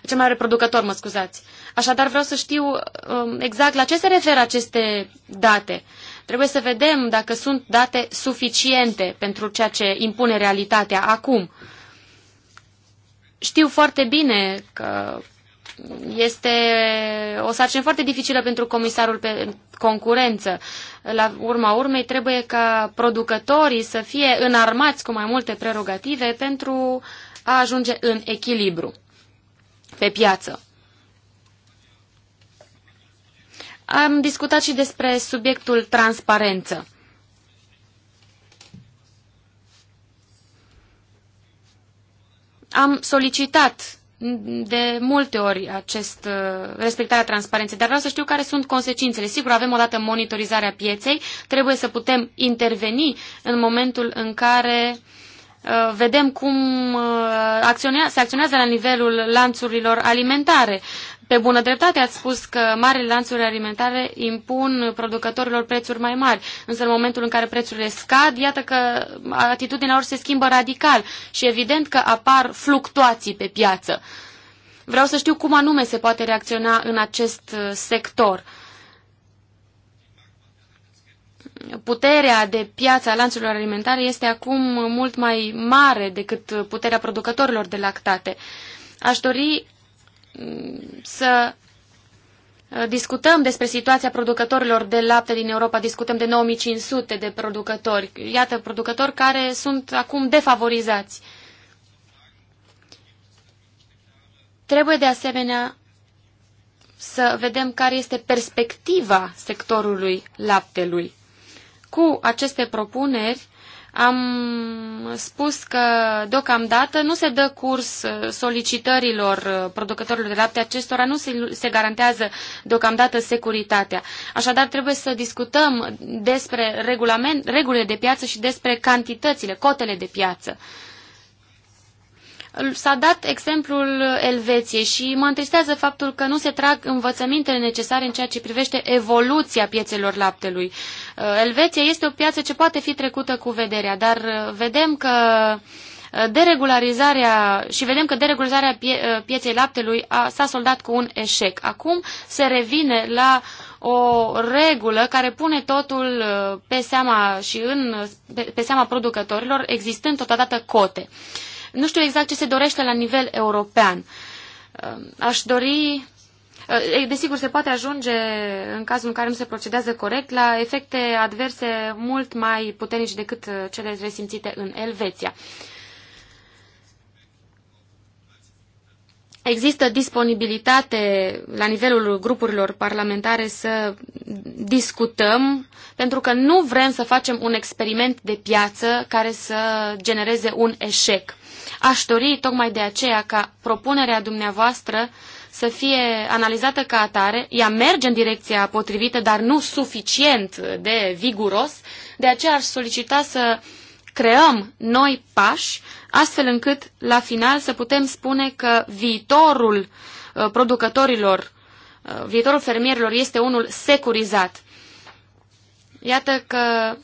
Cel mai mare producător, mă scuzați. Așadar vreau să știu um, exact la ce se referă aceste date. Trebuie să vedem dacă sunt date suficiente pentru ceea ce impune realitatea acum. Știu foarte bine că este o sarcină foarte dificilă pentru comisarul pe concurență. La urma urmei trebuie ca producătorii să fie înarmați cu mai multe prerogative pentru a ajunge în echilibru pe piață. Am discutat și despre subiectul transparență. Am solicitat de multe ori acest, uh, respectarea transparenței, dar vreau să știu care sunt consecințele. Sigur, avem odată monitorizarea pieței, trebuie să putem interveni în momentul în care uh, vedem cum uh, acționea, se acționează la nivelul lanțurilor alimentare. Pe bună dreptate ați spus că marile lanțuri alimentare impun producătorilor prețuri mai mari, însă în momentul în care prețurile scad, iată că atitudinea lor se schimbă radical și evident că apar fluctuații pe piață. Vreau să știu cum anume se poate reacționa în acest uh, sector. Puterea de piață a lanțurilor alimentare este acum mult mai mare decât puterea producătorilor de lactate. Aș dori să uh, discutăm despre situația producătorilor de lapte din Europa, discutăm de 9500 de producători. Iată, producători care sunt acum defavorizați. Trebuie de asemenea să vedem care este perspectiva sectorului laptelui. Cu aceste propuneri am spus că deocamdată nu se dă curs uh, solicitărilor uh, producătorilor de lapte acestora, nu se, se garantează deocamdată securitatea. Așadar trebuie să discutăm despre regulament, regulile de piață și despre cantitățile, cotele de piață. S-a dat exemplul Elveției și mă întristează faptul că nu se trag învățămintele necesare în ceea ce privește evoluția piețelor laptelui. Uh, Elveția este o piață ce poate fi trecută cu vederea, dar uh, vedem că uh, deregularizarea și vedem că deregularizarea pie, pieței laptelui s-a soldat cu un eșec. Acum se revine la o regulă care pune totul pe seama și în, pe, pe seama producătorilor, existând totodată cote. Uh, nu știu exact ce se dorește la nivel european. Uh, aș dori uh, Desigur, se poate ajunge, în cazul în care nu se procedează corect, la efecte adverse mult mai puternici decât uh, cele resimțite în Elveția. există disponibilitate la nivelul grupurilor parlamentare să discutăm, pentru că nu vrem să facem un experiment de piață care să genereze un eșec. Aș dori tocmai de aceea ca propunerea dumneavoastră să fie analizată ca atare. Ea merge în direcția potrivită, dar nu suficient de viguros. De aceea aș solicita să creăm noi pași astfel încât la final să putem spune că viitorul uh, producătorilor, uh, viitorul fermierilor este unul securizat. Iată că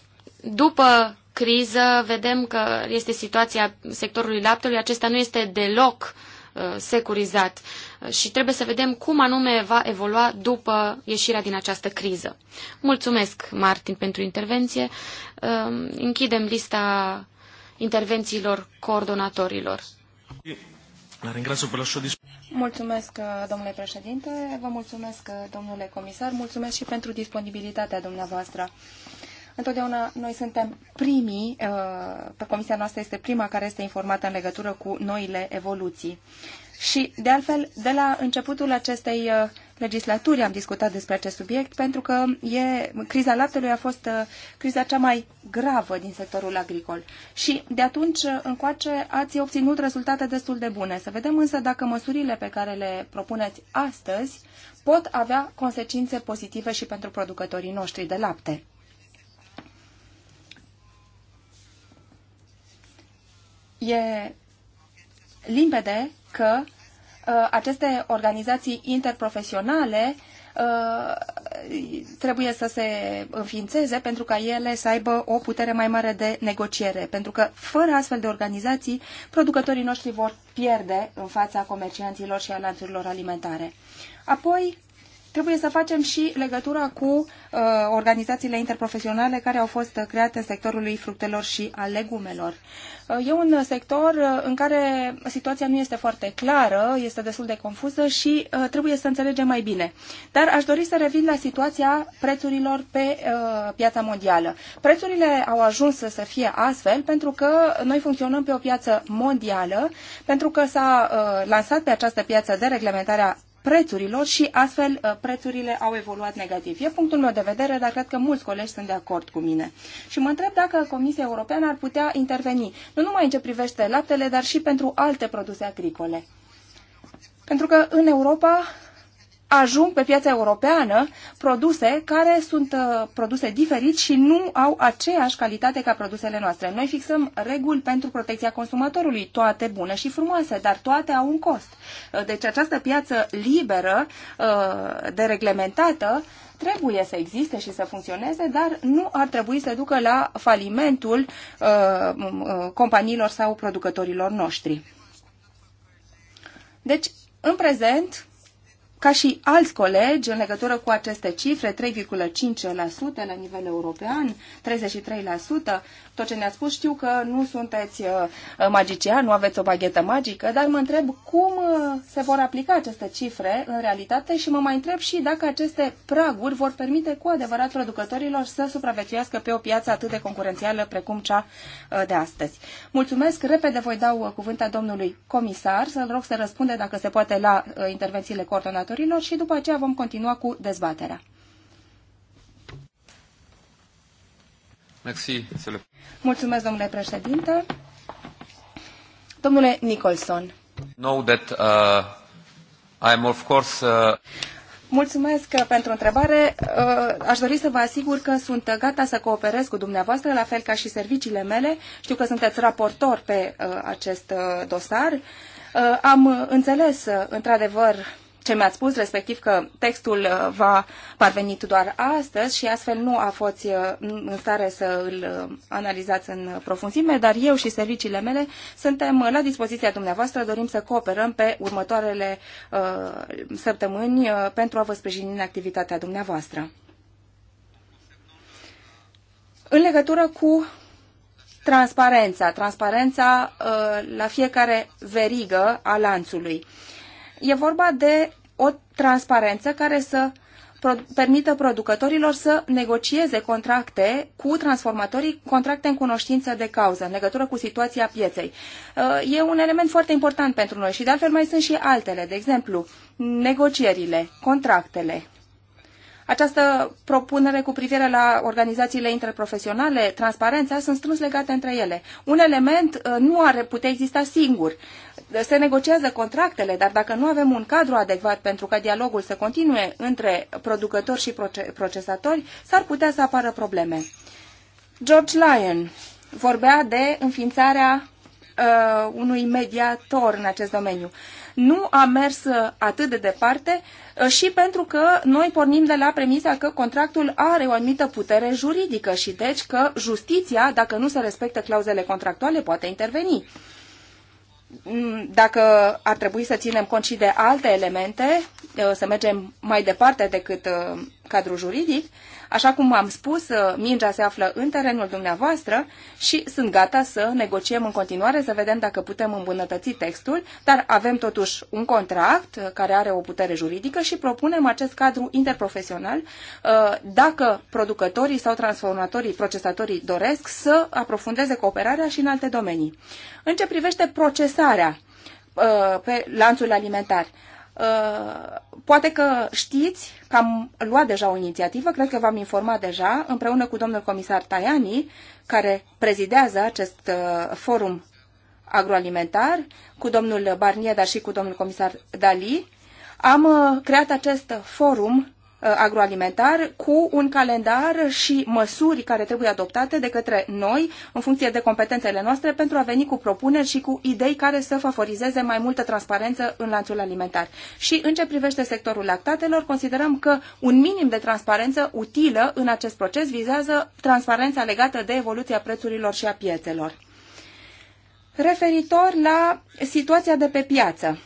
după criză vedem că este situația sectorului laptelui, acesta nu este deloc uh, securizat și trebuie să vedem cum anume va evolua după ieșirea din această criză. Mulțumesc, Martin, pentru intervenție. Închidem lista intervențiilor coordonatorilor. Mulțumesc, uh, domnule președinte, vă mulțumesc, uh, domnule comisar, mulțumesc și pentru disponibilitatea dumneavoastră. Întotdeauna noi suntem primii, uh, comisia noastră este prima care este informată în legătură cu noile evoluții. Și, de altfel, de la începutul acestei legislaturii am discutat despre acest subiect pentru că e, criza laptelui a fost uh, criza cea mai gravă din sectorul agricol. Și de atunci uh, încoace ați obținut rezultate destul de bune. Să vedem însă dacă măsurile pe care le propuneți astăzi pot avea consecințe pozitive și pentru producătorii noștri de lapte. E limpede că Uh, aceste organizații interprofesionale uh, trebuie să se înființeze pentru ca ele să aibă o putere mai mare de negociere, pentru că fără astfel de organizații, producătorii noștri vor pierde în fața comercianților și a lanțurilor alimentare. Apoi, Trebuie să facem și legătura cu uh, organizațiile interprofesionale care au fost uh, create în sectorul fructelor și a legumelor. Uh, e un sector uh, în care situația nu este foarte clară, este destul de confuză și uh, trebuie să înțelegem mai bine. Dar aș dori să revin la situația prețurilor pe uh, piața mondială. Prețurile au ajuns să fie astfel pentru că noi funcționăm pe o piață mondială, pentru că s-a uh, lansat pe această piață de reglementarea prețurilor și astfel uh, prețurile au evoluat negativ. E punctul meu de vedere, dar cred că mulți colegi sunt de acord cu mine. Și mă întreb dacă Comisia Europeană ar putea interveni, nu numai în ce privește laptele, dar și pentru alte produse agricole. Pentru că în Europa ajung pe piața europeană produse care sunt uh, produse diferit și nu au aceeași calitate ca produsele noastre. Noi fixăm reguli pentru protecția consumatorului, toate bune și frumoase, dar toate au un cost. Uh, deci această piață liberă, uh, de reglementată, trebuie să existe și să funcționeze, dar nu ar trebui să ducă la falimentul companiilor sau producătorilor noștri. Deci, în prezent, ca și alți colegi, în legătură cu aceste cifre, 3,5% la nivel european, 33%, tot ce ne-a spus, știu că nu sunteți uh, uh, magician, nu aveți o baghetă magică, dar mă întreb cum uh, se vor aplica aceste cifre în realitate și mă mai întreb și dacă aceste praguri vor permite cu adevărat producătorilor să supraviețuiască pe o piață atât de concurențială precum cea de astăzi. Mulțumesc, repede voi dau cuvântul domnului comisar, să-l rog să răspunde dacă se poate la intervențiile coordonatorilor coordonatorilor și după aceea vom continua cu dezbaterea. Merci. Mulțumesc, domnule președinte. Domnule Nicholson. Know that uh, I'm of course uh... Mulțumesc pentru întrebare. Uh, aș dori să vă asigur că sunt gata să cooperez cu dumneavoastră, la fel ca și serviciile mele. Știu că sunteți raportor pe uh, acest uh, dosar. Am înțeles, într-adevăr, ce mi-ați spus, respectiv că textul uh, va parvenit doar astăzi și astfel nu a fost uh, în stare să îl uh, analizați în profunzime, dar eu și serviciile mele suntem la dispoziția dumneavoastră, dorim să cooperăm pe următoarele uh, săptămâni uh, pentru a vă sprijini în activitatea dumneavoastră. În legătură cu transparența, transparența uh, la fiecare verigă a lanțului. Uh, E vorba de o transparență care să permită producătorilor să negocieze contracte cu transformatorii, contracte în cunoștință de cauză, în legătură cu situația pieței. Uh, e un element foarte important pentru noi și de altfel mai sunt și altele, de exemplu, negocierile, contractele, această propunere cu privire la organizațiile interprofesionale, transparența, sunt strâns legate între ele. Un element uh, nu ar putea exista singur. Se negociază contractele, dar dacă nu avem un cadru adecvat pentru ca dialogul să continue între producători și procesatori, s-ar putea să apară probleme. George Lyon vorbea de înființarea uh, unui mediator în acest domeniu. Uh, nu a mers uh, atât de departe uh, și pentru că noi pornim de la premisa că contractul are o anumită putere juridică și deci că justiția, dacă nu se respectă clauzele contractuale, poate interveni mm, dacă ar trebui să ținem cont și de alte elemente, uh, să mergem mai departe decât cadru juridic. Așa cum am spus, uh, mingea se află în terenul dumneavoastră și sunt gata să negociem în continuare, să vedem dacă putem îmbunătăți textul, dar avem totuși un contract uh, care are o putere juridică și propunem acest cadru interprofesional uh, dacă producătorii sau transformatorii, procesatorii doresc să aprofundeze cooperarea și în alte domenii. În ce privește procesarea pe lanțul alimentar, Uh, poate că știți că am luat deja o inițiativă, cred că v-am informat deja, împreună cu domnul comisar Tajani, care prezidează acest uh, forum agroalimentar, cu domnul Barnier, dar și cu domnul comisar Dali, am uh, creat acest forum Uh, agroalimentar cu un calendar și măsuri care trebuie adoptate de către noi în funcție de competențele noastre pentru a veni cu propuneri și cu idei care să favorizeze mai multă transparență în lanțul alimentar. Și în ce privește sectorul lactatelor, considerăm că un minim de transparență utilă în acest proces vizează transparența legată de evoluția prețurilor și a piețelor. Referitor la situația de pe piață,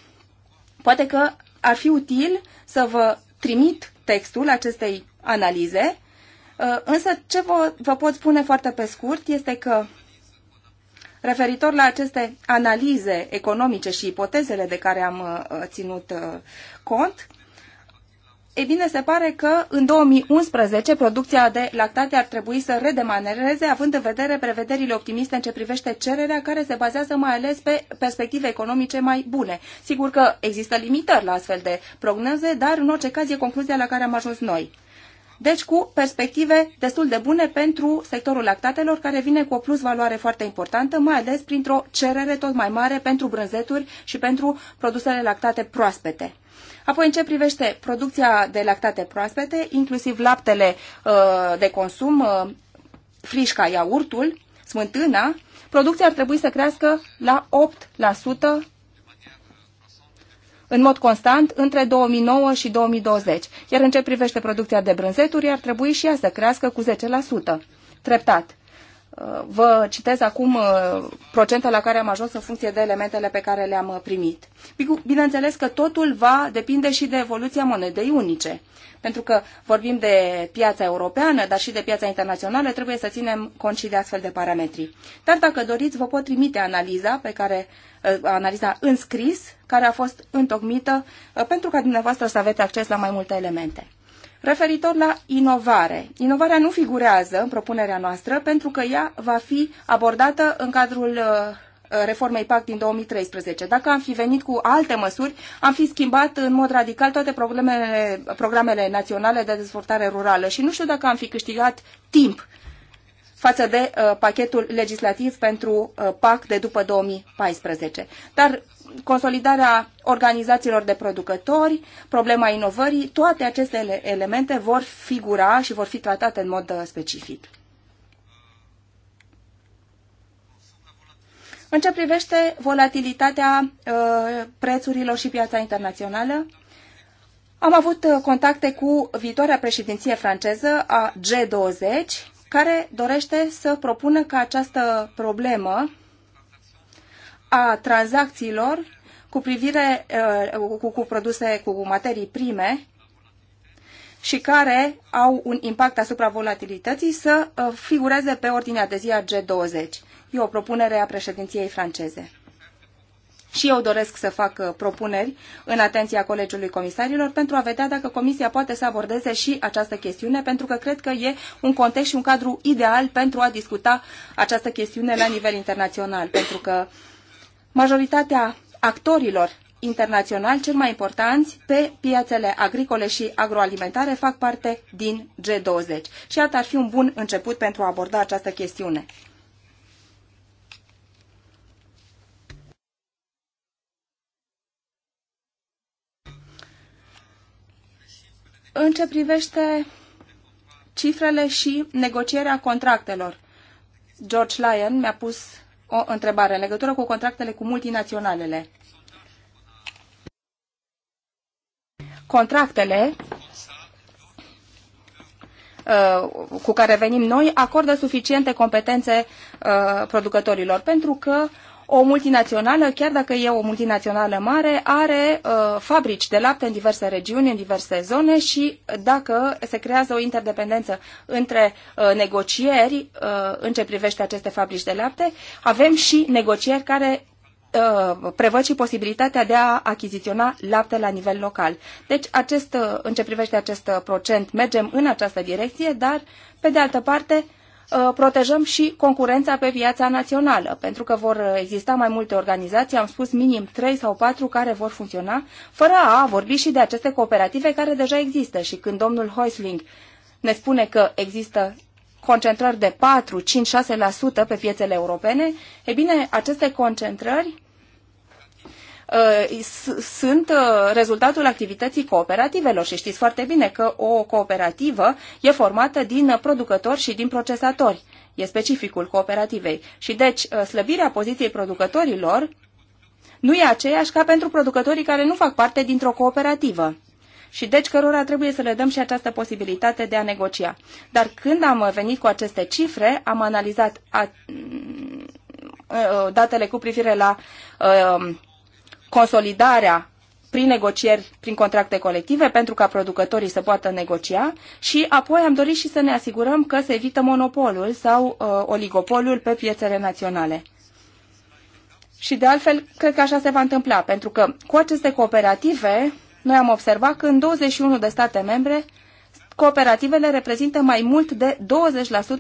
poate că ar fi util să vă trimit textul acestei analize, uh, însă ce vă, vă pot spune foarte pe scurt este că referitor la aceste analize economice și ipotezele de care am uh, ținut uh, cont, E bine, se pare că în 2011 producția de lactate ar trebui să redemanereze, având în vedere prevederile optimiste în ce privește cererea, care se bazează mai ales pe perspective economice mai bune. Sigur că există limitări la astfel de prognoze, dar în orice caz e concluzia la care am ajuns noi. Deci cu perspective destul de bune pentru sectorul lactatelor, care vine cu o plus valoare foarte importantă, mai ales printr-o cerere tot mai mare pentru brânzeturi și pentru produsele lactate proaspete. Apoi, în ce privește producția de lactate proaspete, inclusiv laptele uh, de consum, uh, frișca, iaurtul, smântâna, producția ar trebui să crească la 8% în mod constant între 2009 și 2020, iar în ce privește producția de brânzeturi ar trebui și ea să crească cu 10%, treptat vă citez acum uh, procentul la care am ajuns în funcție de elementele pe care le-am uh, primit. Bineînțeles că totul va depinde și de evoluția monedei unice, pentru că vorbim de piața europeană, dar și de piața internațională, trebuie să ținem cont și de astfel de parametri. Dar dacă doriți, vă pot trimite analiza pe care uh, analiza înscris, care a fost întocmită pentru ca dumneavoastră să aveți acces la mai multe elemente. Referitor la inovare. Inovarea nu figurează în propunerea noastră pentru că ea va fi abordată în cadrul uh, uh, reformei PAC din 2013. Dacă am fi venit cu alte măsuri, am fi schimbat în mod radical toate programele, programele naționale de dezvoltare rurală și nu știu dacă am fi câștigat timp față de uh, pachetul legislativ pentru uh, PAC de după 2014. Dar consolidarea organizațiilor de producători, problema inovării, toate aceste elemente vor figura și vor fi tratate în mod uh, specific. În ce privește volatilitatea uh, prețurilor și piața internațională, am avut uh, contacte cu viitoarea președinție franceză a G20 care dorește să propună ca această problemă a tranzacțiilor cu privire uh, cu, cu produse, cu materii prime și care au un impact asupra volatilității să uh, figureze pe ordinea de zi a G20. E o propunere a președinției franceze și eu doresc să fac uh, propuneri în atenția Colegiului Comisarilor pentru a vedea dacă Comisia poate să abordeze și această chestiune, pentru că cred că e un context și un cadru ideal pentru a discuta această chestiune la nivel internațional, pentru că majoritatea actorilor internațional cel mai importanți pe piațele agricole și agroalimentare fac parte din G20. Și atât ar fi un bun început pentru a aborda această chestiune. În ce privește cifrele și negocierea contractelor, George Lyon mi-a pus o întrebare în legătură cu contractele cu multinaționalele. Contractele uh, cu care venim noi acordă suficiente competențe uh, producătorilor, pentru că o multinațională, chiar dacă e o multinațională mare, are uh, fabrici de lapte în diverse regiuni, în diverse zone și dacă se creează o interdependență între uh, negocieri uh, în ce privește aceste fabrici de lapte, avem și negocieri care uh, prevăd și posibilitatea de a achiziționa lapte la nivel local. Deci, acest, uh, în ce privește acest procent, mergem în această direcție, dar, pe de altă parte, Uh, protejăm și concurența pe piața națională, pentru că vor exista mai multe organizații, am spus minim 3 sau 4 care vor funcționa, fără a vorbi și de aceste cooperative care deja există. Și când domnul Heusling ne spune că există concentrări de 4, 5, 6% pe piețele europene, e bine, aceste concentrări Uh, sunt uh, rezultatul activității cooperativelor și știți foarte bine că o cooperativă e formată din producători și din procesatori. E specificul cooperativei. Și deci uh, slăbirea poziției producătorilor nu e aceeași ca pentru producătorii care nu fac parte dintr-o cooperativă și deci cărora trebuie să le dăm și această posibilitate de a negocia. Dar când am venit cu aceste cifre, am analizat a, mm, datele cu privire la consolidarea prin negocieri, prin contracte colective, pentru ca producătorii să poată negocia și apoi am dorit și să ne asigurăm că se evită monopolul sau uh, oligopolul pe piețele naționale. Și de altfel, cred că așa se va întâmpla, pentru că cu aceste cooperative, noi am observat că în 21 de state membre cooperativele reprezintă mai mult de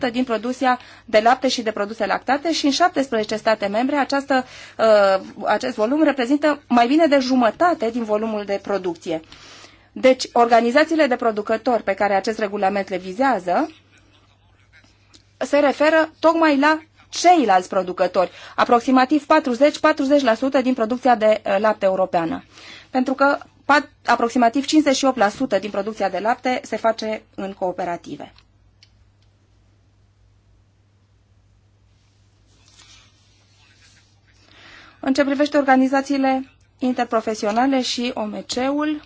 20% din producția de lapte și de produse lactate și în 17 state membre această, uh, acest volum reprezintă mai bine de jumătate din volumul de producție. Deci, organizațiile de producători pe care acest regulament le vizează se referă tocmai la ceilalți producători, aproximativ 40-40% din producția de uh, lapte europeană. Pentru că pat, aproximativ 58% din producția de lapte se face în cooperative. În ce privește organizațiile interprofesionale și OMC-ul,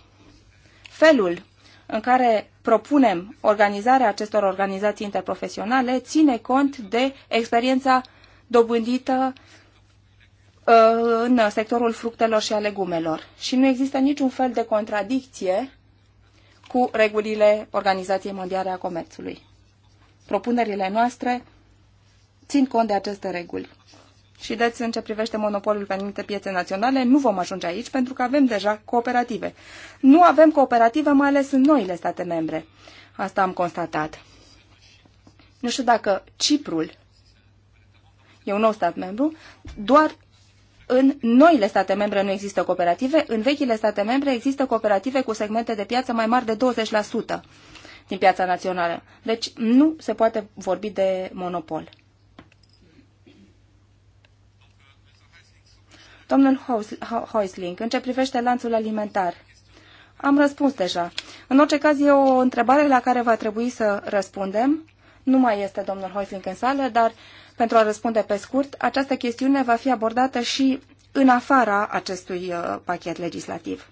felul în care propunem organizarea acestor organizații interprofesionale ține cont de experiența dobândită Uh, în sectorul fructelor și a legumelor. Și nu există niciun fel de contradicție cu regulile Organizației Mondiale a Comerțului. Propunerile noastre țin cont de aceste reguli. Și deți în ce privește monopolul pe anumite piețe naționale, nu vom ajunge aici pentru că avem deja cooperative. Nu avem cooperative, mai ales în noile state membre. Asta am constatat. Nu știu dacă Ciprul e un nou stat membru, doar în noile state membre nu există cooperative, în vechile state membre există cooperative cu segmente de piață mai mari de 20% din piața națională. Deci nu se poate vorbi de monopol. Domnul Hoisling, în ce privește lanțul alimentar, am răspuns deja. În orice caz, e o întrebare la care va trebui să răspundem. Nu mai este domnul Hoisling în sală, dar pentru a răspunde pe scurt, această chestiune va fi abordată și în afara acestui uh, pachet legislativ.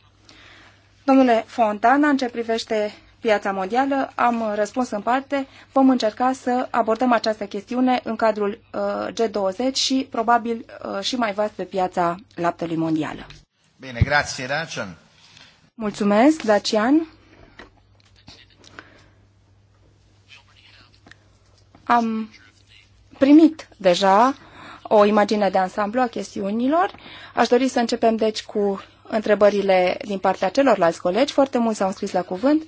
Domnule Fontana, în ce privește piața mondială, am răspuns în parte, vom încerca să abordăm această chestiune în cadrul uh, G20 și probabil uh, și mai vast pe piața laptelui mondială. Bine, grație, Dacian. Mulțumesc, Dacian. Am primit deja o imagine de ansamblu a chestiunilor. Aș dori să începem, deci, cu întrebările din partea celorlalți colegi. Foarte mulți s-au înscris la cuvânt. Uh,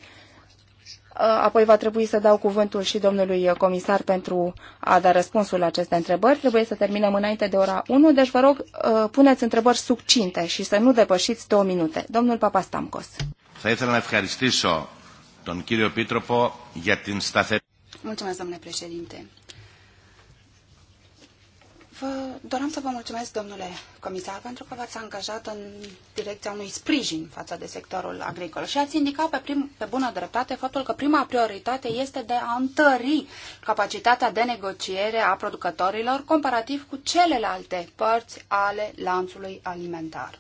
apoi va trebui să dau cuvântul și domnului comisar pentru a da răspunsul la aceste întrebări. Trebuie să terminăm înainte de ora 1, deci vă rog, uh, puneți întrebări succinte și să nu depășiți două minute. Domnul Papastamcos. Mulțumesc, domnule președinte. Vă doream să vă mulțumesc, domnule comisar, pentru că v-ați angajat în direcția unui sprijin față de sectorul agricol și ați indicat pe, prim, pe bună dreptate faptul că prima prioritate este de a întări capacitatea de negociere a producătorilor comparativ cu celelalte părți ale lanțului alimentar.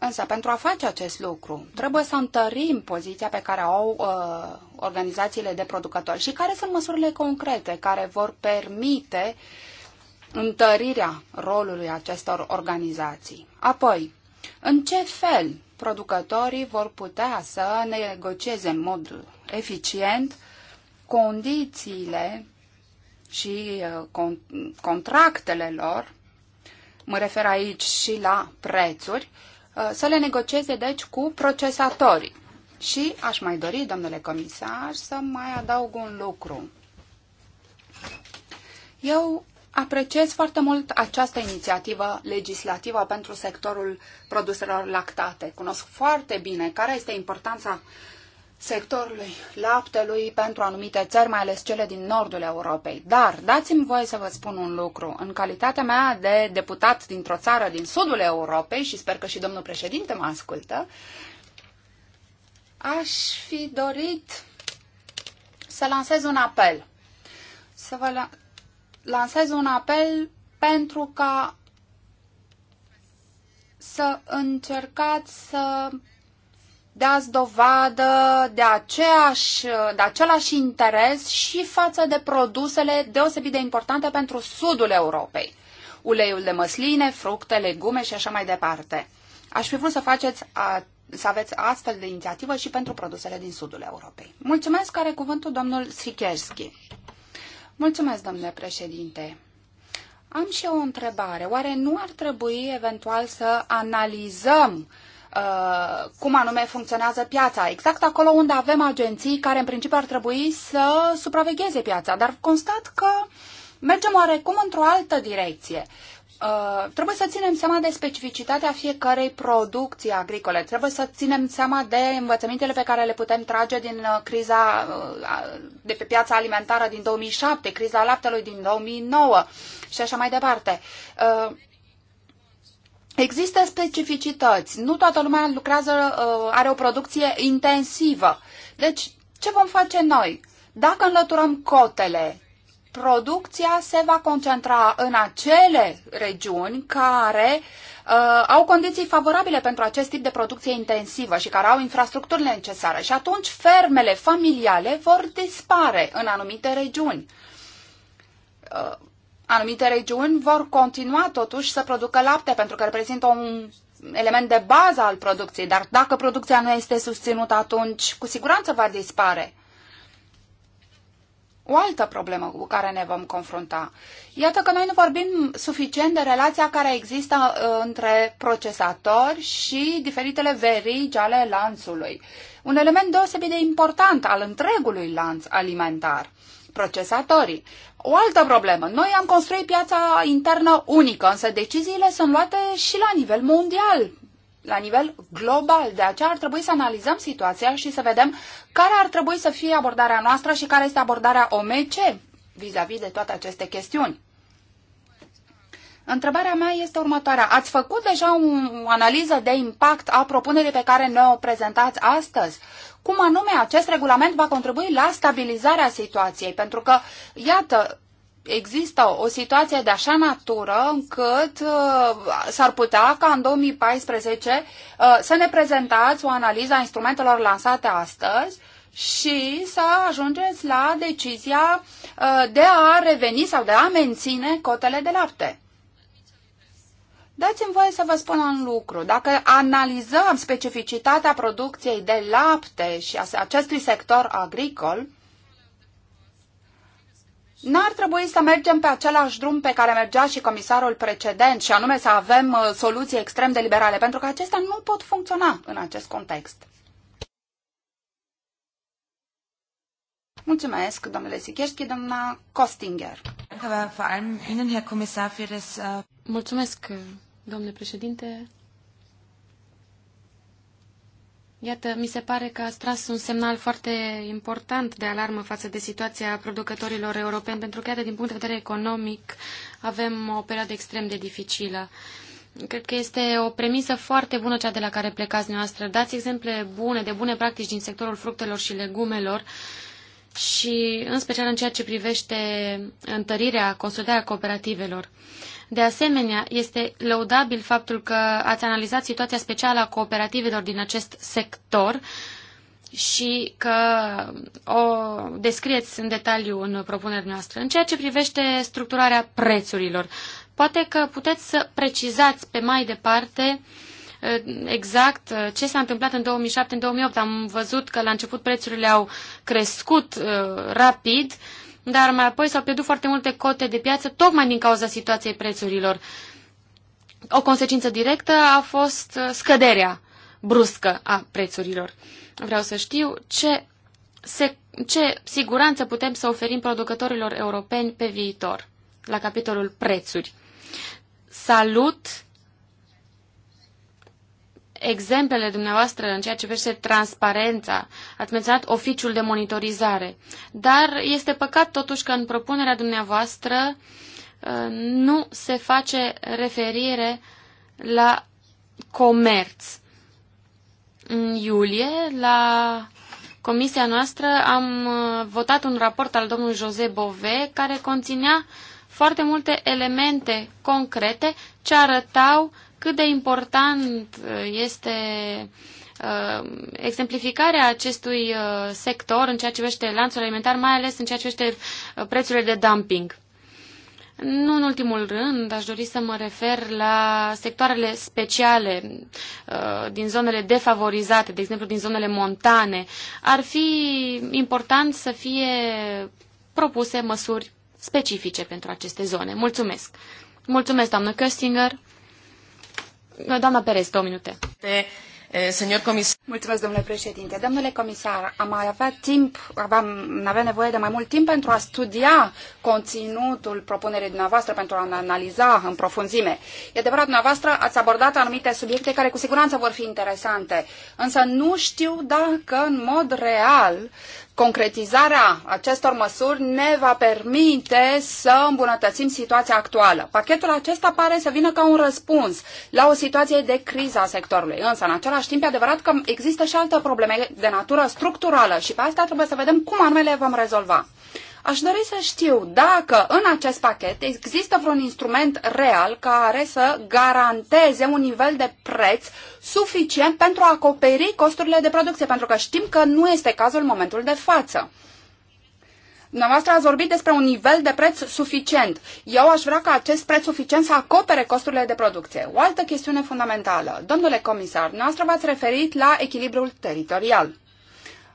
Însă, pentru a face acest lucru, trebuie să întărim poziția pe care au uh, organizațiile de producători și care sunt măsurile concrete care vor permite întărirea rolului acestor organizații. Apoi, în ce fel producătorii vor putea să negocieze în mod eficient condițiile și uh, contractele lor, mă refer aici și la prețuri, Uh, să le negocieze, deci, cu procesatorii. Și aș mai dori, domnule comisar, să mai adaug un lucru. Eu apreciez foarte mult această inițiativă legislativă pentru sectorul produselor lactate. Cunosc foarte bine care este importanța sectorului laptelui pentru anumite țări, mai ales cele din nordul Europei. Dar dați-mi voie să vă spun un lucru. În calitatea mea de deputat dintr-o țară din sudul Europei, și sper că și domnul președinte mă ascultă, aș fi dorit să lansez un apel. Să vă la lansez un apel pentru ca să încercați să dați dovadă de, aceeași, de același interes și față de produsele deosebit de importante pentru sudul Europei. Uleiul de măsline, fructe, legume și așa mai departe. Aș fi vrut să faceți a, să aveți astfel de inițiativă și pentru produsele din sudul Europei. Mulțumesc, care cuvântul domnul Sikerski. Mulțumesc, domnule președinte. Am și eu o întrebare. Oare nu ar trebui eventual să analizăm uh, Uh, cum anume funcționează piața, exact acolo unde avem agenții care în principiu ar trebui să supravegheze piața, dar constat că mergem oarecum într-o altă direcție. Uh, trebuie să ținem seama de specificitatea fiecarei producții agricole, trebuie să ținem seama de învățămintele pe care le putem trage din uh, criza uh, de pe piața alimentară din 2007, criza laptelui din 2009 și așa mai departe. Uh, Există specificități. Nu toată lumea lucrează, uh, are o producție intensivă. Deci, ce vom face noi? Dacă înlăturăm cotele, producția se va concentra în acele regiuni care uh, au condiții favorabile pentru acest tip de producție intensivă și care au infrastructurile necesare. Și atunci fermele familiale vor dispare în anumite regiuni. Uh, Anumite regiuni vor continua totuși să producă lapte pentru că reprezintă un element de bază al producției, dar dacă producția nu este susținută, atunci cu siguranță va dispare. O altă problemă cu care ne vom confrunta. Iată că noi nu vorbim suficient de relația care există uh, între procesatori și diferitele verigi ale lanțului. Un element deosebit de important al întregului lanț alimentar. Procesatorii. O altă problemă. Noi am construit piața internă unică, însă deciziile sunt luate și la nivel mondial, la nivel global. De aceea ar trebui să analizăm situația și să vedem care ar trebui să fie abordarea noastră și care este abordarea OMC vis-a-vis -vis de toate aceste chestiuni. Întrebarea mea este următoarea. Ați făcut deja o analiză de impact a propunerii pe care ne-o prezentați astăzi? cum anume acest regulament va contribui la stabilizarea situației, pentru că, iată, există o situație de așa natură încât uh, s-ar putea ca în 2014 uh, să ne prezentați o analiză a instrumentelor lansate astăzi și să ajungeți la decizia uh, de a reveni sau de a menține cotele de lapte. Dați-mi voie să vă spun un lucru. Dacă analizăm specificitatea producției de lapte și acestui sector agricol, N-ar trebui să mergem pe același drum pe care mergea și comisarul precedent, și anume să avem uh, soluții extrem de liberale, pentru că acestea nu pot funcționa în acest context. Mulțumesc, domnule Sikierski, doamna Kostinger. Uh, Mulțumesc, domnule președinte. Iată, mi se pare că ați tras un semnal foarte important de alarmă față de situația producătorilor europeni, pentru că, iată, din punct de vedere economic, avem o perioadă extrem de dificilă. Cred că este o premisă foarte bună cea de la care plecați noastră. Dați exemple bune, de bune practici din sectorul fructelor și legumelor și, în special, în ceea ce privește întărirea, consolidarea cooperativelor. De asemenea, este lăudabil faptul că ați analizat situația specială a cooperativelor din acest sector și că o descrieți în detaliu în propunerea noastră. În ceea ce privește structurarea prețurilor, poate că puteți să precizați pe mai departe eh, exact eh, ce s-a întâmplat în 2007-2008. Am văzut că la început prețurile au crescut eh, rapid, dar mai apoi s-au pierdut foarte multe cote de piață tocmai din cauza situației prețurilor. O consecință directă a fost uh, scăderea bruscă a prețurilor. Vreau să știu ce, se, ce siguranță putem să oferim producătorilor europeni pe viitor, la capitolul prețuri. Salut! exemplele dumneavoastră în ceea ce privește transparența. Ați menționat oficiul de monitorizare. Dar este păcat totuși că în propunerea dumneavoastră uh, nu se face referire la comerț. În iulie, la comisia noastră, am uh, votat un raport al domnului Jose Bove care conținea uh, foarte multe elemente concrete ce arătau cât de important uh, este uh, exemplificarea acestui uh, sector în ceea ce privește lanțul alimentar, mai ales în ceea ce privește uh, prețurile de dumping. Nu în ultimul rând, aș dori să mă refer la sectoarele speciale uh, din zonele defavorizate, de exemplu din zonele montane. Ar fi important să fie propuse măsuri specifice pentru aceste zone. Mulțumesc! Mulțumesc, doamnă Köstinger. Doamna Perez, două minute. De, e, eh, senior comisar. Mulțumesc, domnule președinte. Domnule comisar, am avea timp, aveam, avea nevoie de mai mult timp pentru a studia conținutul propunerii dumneavoastră, pentru a analiza în profunzime. E adevărat, dumneavoastră ați abordat anumite subiecte care cu siguranță vor fi interesante, însă nu știu dacă în mod real concretizarea acestor măsuri ne va permite să îmbunătățim situația actuală. Pachetul acesta pare să vină ca un răspuns la o situație de criză a sectorului. Însă, în același timp, e adevărat că există și alte probleme de natură structurală și pe asta trebuie să vedem cum anume le vom rezolva. Aș dori să știu dacă în acest pachet există vreun instrument real care să garanteze un nivel de preț suficient pentru a acoperi costurile de producție, pentru că știm că nu este cazul în momentul de față. Dumneavoastră ați vorbit despre un nivel de preț suficient. Eu aș vrea ca acest preț suficient să acopere costurile de producție. O altă chestiune fundamentală. Domnule comisar, noastră v-ați referit la echilibrul teritorial.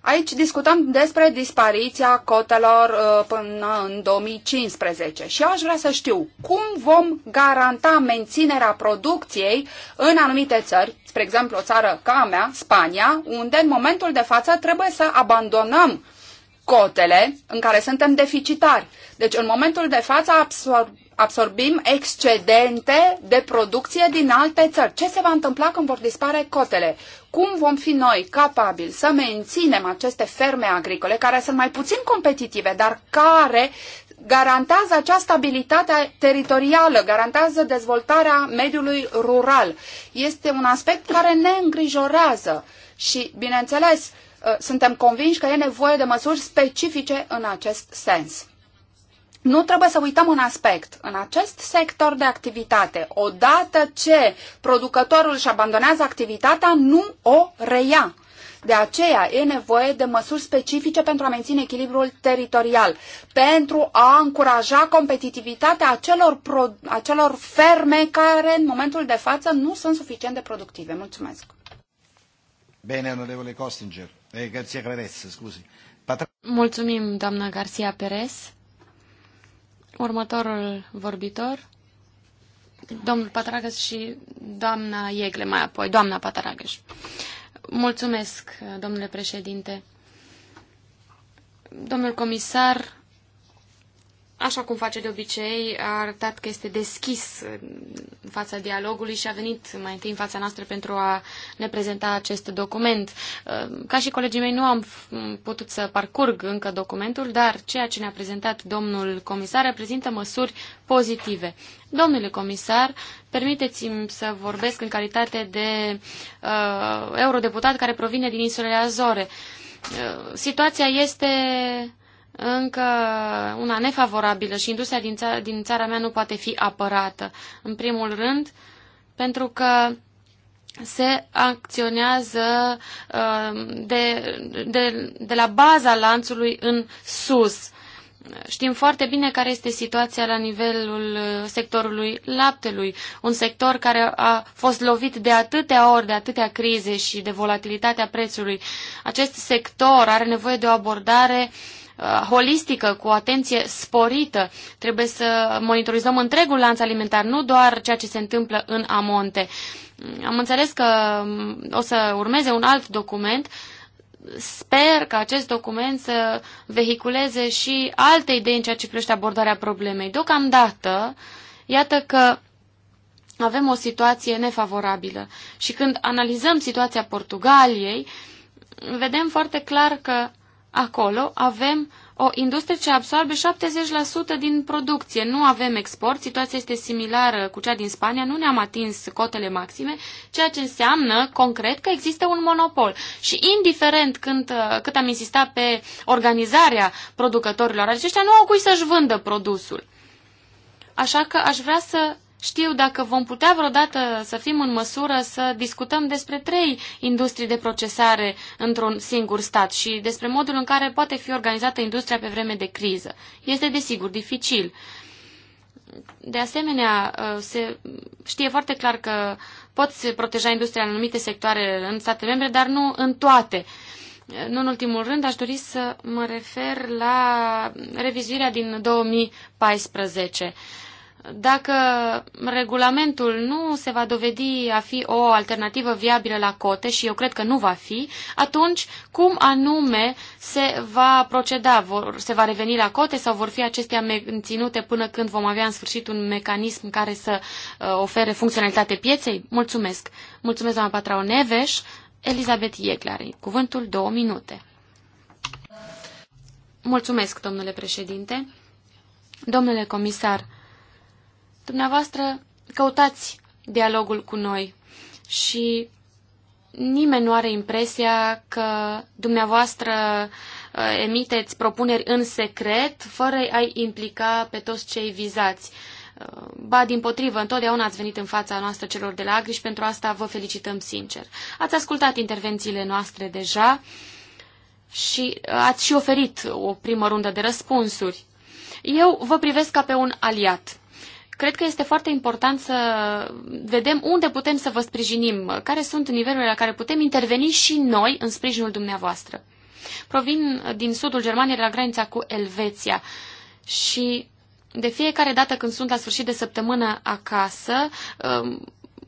Aici discutăm despre dispariția cotelor uh, până în 2015 și aș vrea să știu cum vom garanta menținerea producției în anumite țări, spre exemplu o țară ca a mea, Spania, unde în momentul de față trebuie să abandonăm cotele în care suntem deficitari. Deci în momentul de față absorb, absorbim excedente de producție din alte țări. Ce se va întâmpla când vor dispare cotele? Cum vom fi noi capabili să menținem aceste ferme agricole care sunt mai puțin competitive, dar care garantează acea stabilitate teritorială, garantează dezvoltarea mediului rural. Este un aspect care ne îngrijorează și, bineînțeles, ă, suntem convinși că e nevoie de măsuri specifice în acest sens nu trebuie să uităm un aspect. În acest sector de activitate, odată ce producătorul își abandonează activitatea, nu o reia. De aceea e nevoie de măsuri specifice pentru a menține echilibrul teritorial, pentru a încuraja competitivitatea acelor, pro, acelor ferme care în momentul de față nu sunt suficient de productive. Mulțumesc. Bine, onorevole Costinger. Eh, Garcia Perez, scuzi. Mulțumim, doamna Garcia Perez. Următorul vorbitor, domnul Pataragăs și doamna Iegle mai apoi, doamna Pataragăs. Mulțumesc, domnule președinte. Domnul comisar, așa cum face de obicei, a arătat că este deschis în fața dialogului și a venit mai întâi în fața noastră pentru a ne prezenta acest document. Uh, ca și colegii mei, nu am putut să parcurg încă documentul, dar ceea ce ne-a prezentat domnul comisar reprezintă măsuri pozitive. Domnule comisar, permiteți-mi să vorbesc în calitate de uh, eurodeputat care provine din insulele Azore. Uh, situația este încă una nefavorabilă și industria din, țara, din țara mea nu poate fi apărată. În primul rând, pentru că se acționează uh, de, de, de la baza lanțului în sus. Știm foarte bine care este situația la nivelul uh, sectorului laptelui, un sector care a fost lovit de atâtea ori, de atâtea crize și de volatilitatea prețului. Acest sector are nevoie de o abordare uh, Uh, holistică, cu atenție sporită. Trebuie să monitorizăm întregul lanț alimentar, nu doar ceea ce se întâmplă în amonte. Mm, am înțeles că mm, o să urmeze un alt document. Sper că acest document să vehiculeze și alte idei în ceea ce privește abordarea problemei. Deocamdată, iată că avem o situație nefavorabilă. Și când analizăm situația Portugaliei, vedem foarte clar că acolo avem o industrie ce absorbe 70% din producție. Nu avem export, situația este similară cu cea din Spania, nu ne-am atins cotele maxime, ceea ce înseamnă concret că există un monopol. Și indiferent când, cât am insistat pe organizarea producătorilor, aceștia nu au cui să-și vândă produsul. Așa că aș vrea să știu dacă vom putea vreodată să fim în măsură să discutăm despre trei industrii de procesare într-un singur stat și despre modul în care poate fi organizată industria pe vreme de criză. Este desigur dificil. De asemenea, uh, se știe foarte clar că poți proteja industria în anumite sectoare în state membre, dar nu în toate. Nu în ultimul rând, aș dori să mă refer la revizuirea din 2014 dacă regulamentul nu se va dovedi a fi o alternativă viabilă la cote, și eu cred că nu va fi, atunci cum anume se va proceda? Vor, se va reveni la cote sau vor fi acestea menținute până când vom avea în sfârșit un mecanism care să uh, ofere funcționalitate pieței? Mulțumesc! Mulțumesc, doamna Patrao Neveș. Elizabeth Ieclari, cuvântul două minute. Mulțumesc, domnule președinte. Domnule comisar, Dumneavoastră căutați dialogul cu noi și nimeni nu are impresia că dumneavoastră uh, emiteți propuneri în secret fără a-i implica pe toți cei vizați. Uh, ba, din potrivă, întotdeauna ați venit în fața noastră celor de la Agri și pentru asta vă felicităm sincer. Ați ascultat intervențiile noastre deja și uh, ați și oferit o primă rundă de răspunsuri. Eu vă privesc ca pe un aliat cred că este foarte important să vedem unde putem să vă sprijinim, care sunt nivelurile la care putem interveni și noi în sprijinul dumneavoastră. Provin din sudul Germaniei, la granița cu Elveția și de fiecare dată când sunt la sfârșit de săptămână acasă, um,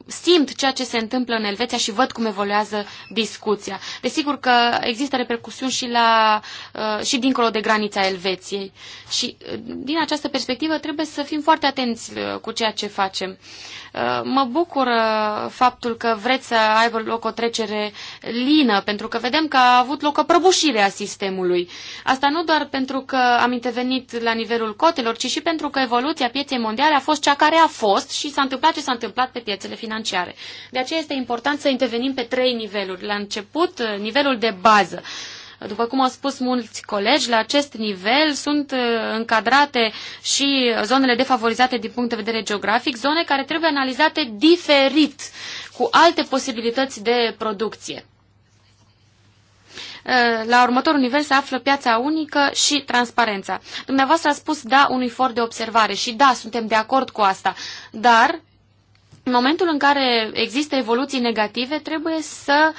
simt ceea ce se întâmplă în Elveția și văd cum evoluează discuția. Desigur că există repercusiuni și, la, uh, și dincolo de granița Elveției. Și uh, din această perspectivă trebuie să fim foarte atenți uh, cu ceea ce facem. Mă bucur faptul că vreți să aibă loc o trecere lină, pentru că vedem că a avut loc o prăbușire a sistemului. Asta nu doar pentru că am intervenit la nivelul cotelor, ci și pentru că evoluția pieței mondiale a fost cea care a fost și s-a întâmplat ce s-a întâmplat pe piețele financiare financiare. De aceea este important să intervenim pe trei niveluri. La început, nivelul de bază. După cum au spus mulți colegi, la acest nivel sunt uh, încadrate și zonele defavorizate din punct de vedere geografic, zone care trebuie analizate diferit, cu alte posibilități de producție. Uh, la următorul nivel se află piața unică și transparența. Dumneavoastră a spus da unui for de observare și da, suntem de acord cu asta, dar în momentul în care există evoluții negative, trebuie să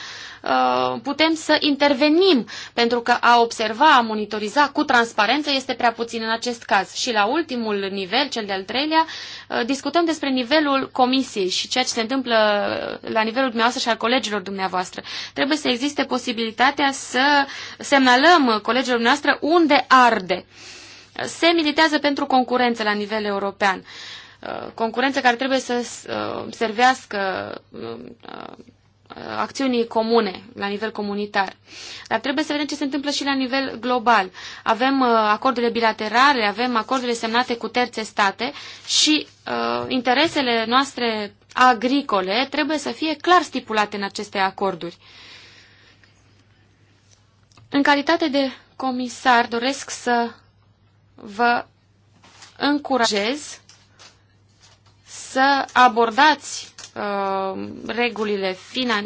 uh, putem să intervenim, pentru că a observa, a monitoriza cu transparență este prea puțin în acest caz. Și la ultimul nivel, cel de-al treilea, uh, discutăm despre nivelul comisiei și ceea ce se întâmplă la nivelul dumneavoastră și al colegilor dumneavoastră. Trebuie să existe posibilitatea să semnalăm colegilor dumneavoastră unde arde. Se militează pentru concurență la nivel european. Uh, concurență care trebuie să uh, servească uh, acțiunii comune, la nivel comunitar. Dar trebuie să vedem ce se întâmplă și la nivel global. Avem uh, acordurile bilaterale, avem acordurile semnate cu terțe state și uh, interesele noastre agricole trebuie să fie clar stipulate în aceste acorduri. În calitate de comisar doresc să vă încurajez să abordați uh, regulile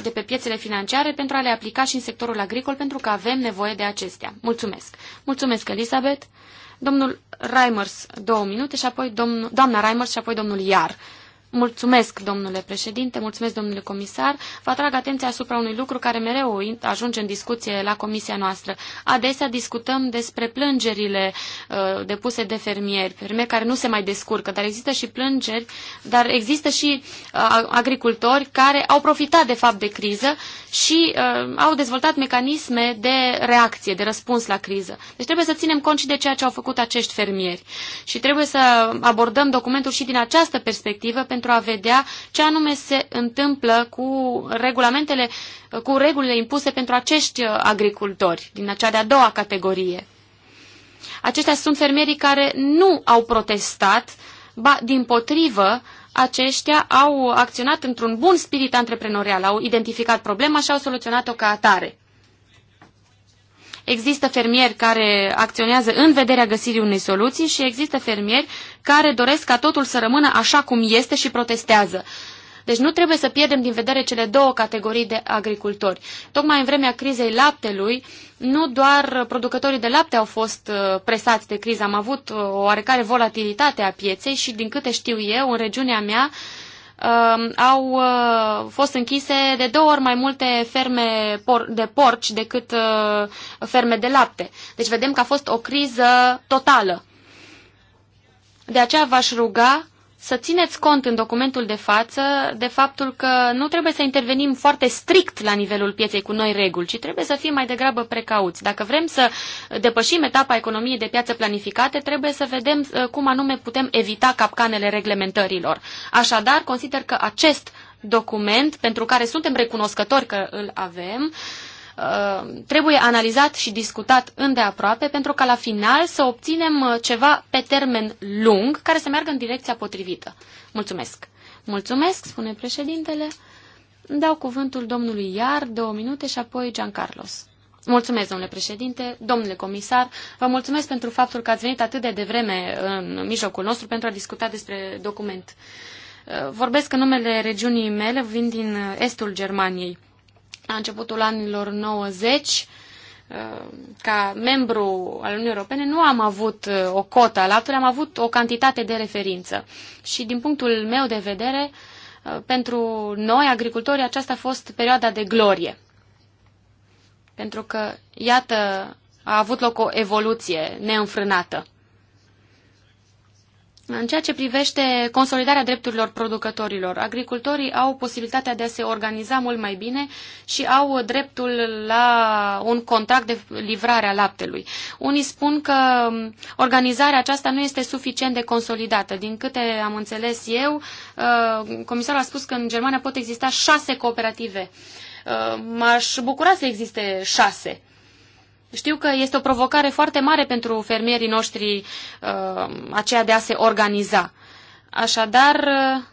de pe piețele financiare pentru a le aplica și în sectorul agricol, pentru că avem nevoie de acestea. Mulțumesc! Mulțumesc, Elisabeth! Domnul Reimers, două minute, și apoi domnul, doamna Reimers și apoi domnul Iar. Mulțumesc, domnule președinte, mulțumesc, domnule comisar. Vă atrag atenția asupra unui lucru care mereu ajunge în discuție la comisia noastră. Adesea discutăm despre plângerile uh, depuse de fermieri, fermieri care nu se mai descurcă, dar există și plângeri, dar există și uh, agricultori care au profitat de fapt de criză și uh, au dezvoltat mecanisme de reacție, de răspuns la criză. Deci trebuie să ținem cont și de ceea ce au făcut acești fermieri. Și trebuie să abordăm documentul și din această perspectivă, pentru pentru a vedea ce anume se întâmplă cu regulamentele, cu regulile impuse pentru acești uh, agricultori din acea de-a doua categorie. Aceștia sunt fermierii care nu au protestat, ba din potrivă, aceștia au acționat într-un bun spirit antreprenorial, au identificat problema și au soluționat-o ca atare. Există fermieri care acționează în vederea găsirii unei soluții și există fermieri care doresc ca totul să rămână așa cum este și protestează. Deci nu trebuie să pierdem din vedere cele două categorii de agricultori. Tocmai în vremea crizei laptelui, nu doar producătorii de lapte au fost uh, presați de criză, am avut uh, o oarecare volatilitate a pieței și, din câte știu eu, în regiunea mea, uh, Um, au uh, fost închise de două ori mai multe ferme de porci decât uh, ferme de lapte. Deci vedem că a fost o criză totală. De aceea v-aș ruga să țineți cont în documentul de față de faptul că nu trebuie să intervenim foarte strict la nivelul pieței cu noi reguli, ci trebuie să fim mai degrabă precauți. Dacă vrem să depășim etapa economiei de piață planificate, trebuie să vedem uh, cum anume putem evita capcanele reglementărilor. Așadar, consider că acest document, pentru care suntem recunoscători că îl avem, uh, Uh, trebuie analizat și discutat îndeaproape pentru ca la final să obținem uh, ceva pe termen lung care să meargă în direcția potrivită. Mulțumesc! Mulțumesc, spune președintele. Dau cuvântul domnului Iar, două minute și apoi Gian Carlos. Mulțumesc, domnule președinte, domnule comisar, vă mulțumesc pentru faptul că ați venit atât de devreme în mijlocul nostru pentru a discuta despre document. Uh, vorbesc în numele regiunii mele, vin din estul Germaniei la începutul anilor 90, uh, ca membru al Uniunii Europene, nu am avut uh, o cotă laptelui, am avut o cantitate de referință. Și din punctul meu de vedere, uh, pentru noi, agricultorii, aceasta a fost perioada de glorie. Pentru că, iată, a avut loc o evoluție neînfrânată. În ceea ce privește consolidarea drepturilor producătorilor, agricultorii au posibilitatea de a se organiza mult mai bine și au dreptul la un contract de livrare a laptelui. Unii spun că organizarea aceasta nu este suficient de consolidată. Din câte am înțeles eu, uh, comisarul a spus că în Germania pot exista șase cooperative. Uh, m-aș bucura să existe șase. Știu că este o provocare foarte mare pentru fermierii noștri uh, aceea de a se organiza. Așadar, uh,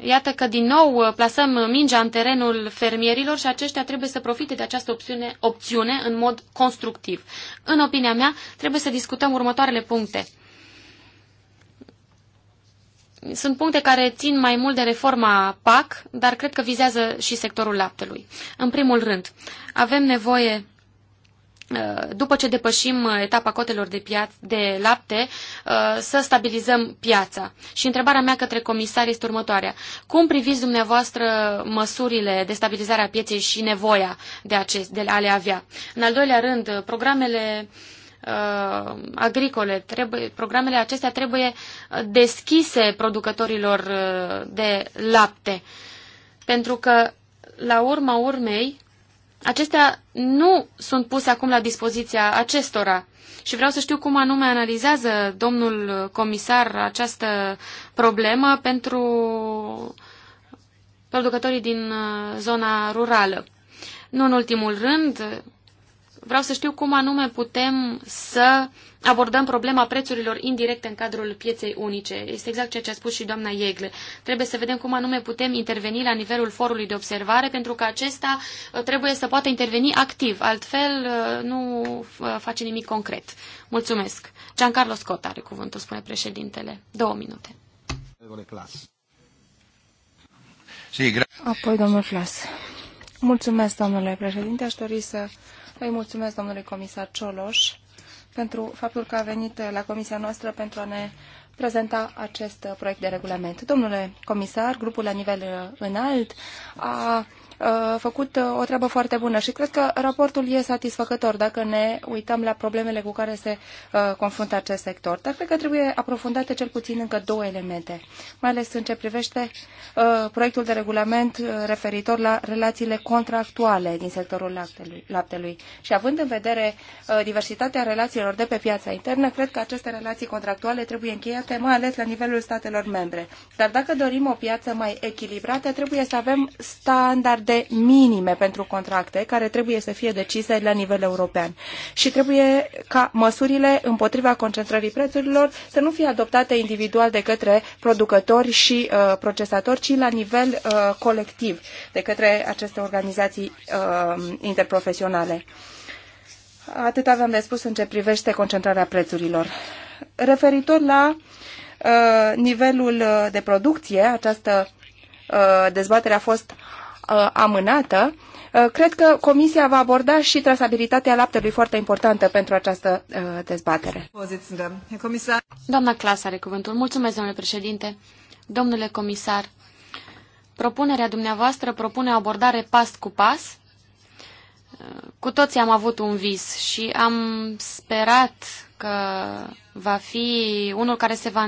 Iată că din nou uh, plasăm mingea în terenul fermierilor și aceștia trebuie să profite de această opțiune, opțiune în mod constructiv. În opinia mea, trebuie să discutăm următoarele puncte. Sunt puncte care țin mai mult de reforma PAC, dar cred că vizează și sectorul laptelui. În primul rând, avem nevoie Uh, după ce depășim uh, etapa cotelor de, de lapte, uh, să stabilizăm piața. Și întrebarea mea către comisar este următoarea. Cum priviți dumneavoastră măsurile de stabilizare a pieței și nevoia de, acest, de a le avea? În al doilea rând, programele uh, agricole, trebuie, programele acestea trebuie deschise producătorilor de lapte. Pentru că, la urma urmei, Acestea nu sunt puse acum la dispoziția acestora și vreau să știu cum anume analizează domnul comisar această problemă pentru producătorii din uh, zona rurală. Nu în ultimul rând, Vreau să știu cum anume putem să abordăm problema prețurilor indirecte în cadrul pieței unice. Este exact ceea ce a spus și doamna Iegle. Trebuie să vedem cum anume putem interveni la nivelul forului de observare, pentru că acesta uh, trebuie să poată interveni activ. Altfel, uh, nu uh, face nimic concret. Mulțumesc. Giancarlo Scott are cuvântul, spune președintele. Două minute. Apoi, domnul Flas. Mulțumesc, domnule președinte. Aș dori să îi mulțumesc domnului comisar Cioloș pentru faptul că a venit la comisia noastră pentru a ne prezenta acest proiect de regulament. Domnule comisar, grupul la nivel înalt a Uh, făcut uh, o treabă foarte bună și cred că raportul e satisfăcător dacă ne uităm la problemele cu care se uh, confruntă acest sector. Dar cred că trebuie aprofundate cel puțin încă două elemente, mai ales în ce privește proiectul de regulament referitor la relațiile contractuale din sectorul laptelui. Și având în vedere diversitatea relațiilor de pe piața internă, cred că aceste relații contractuale trebuie încheiate, mai ales la nivelul statelor membre. Dar dacă dorim o piață mai echilibrată, trebuie să avem standarde standarde minime pentru contracte care trebuie să fie decise la nivel european. Și trebuie ca măsurile împotriva concentrării prețurilor să nu fie adoptate individual de către producători și uh, procesatori, ci la nivel uh, colectiv de către aceste organizații uh, interprofesionale. Atât aveam de spus în ce privește concentrarea prețurilor. Referitor la uh, nivelul uh, de producție, această uh, dezbatere a fost Uh, amânată, uh, cred că Comisia va aborda și trasabilitatea laptelui foarte importantă pentru această uh, dezbatere. Doamna Clas are cuvântul. Mulțumesc, domnule președinte. Domnule comisar, propunerea dumneavoastră propune o abordare pas cu pas. Cu toții am avut un vis și am sperat că va fi unul care se va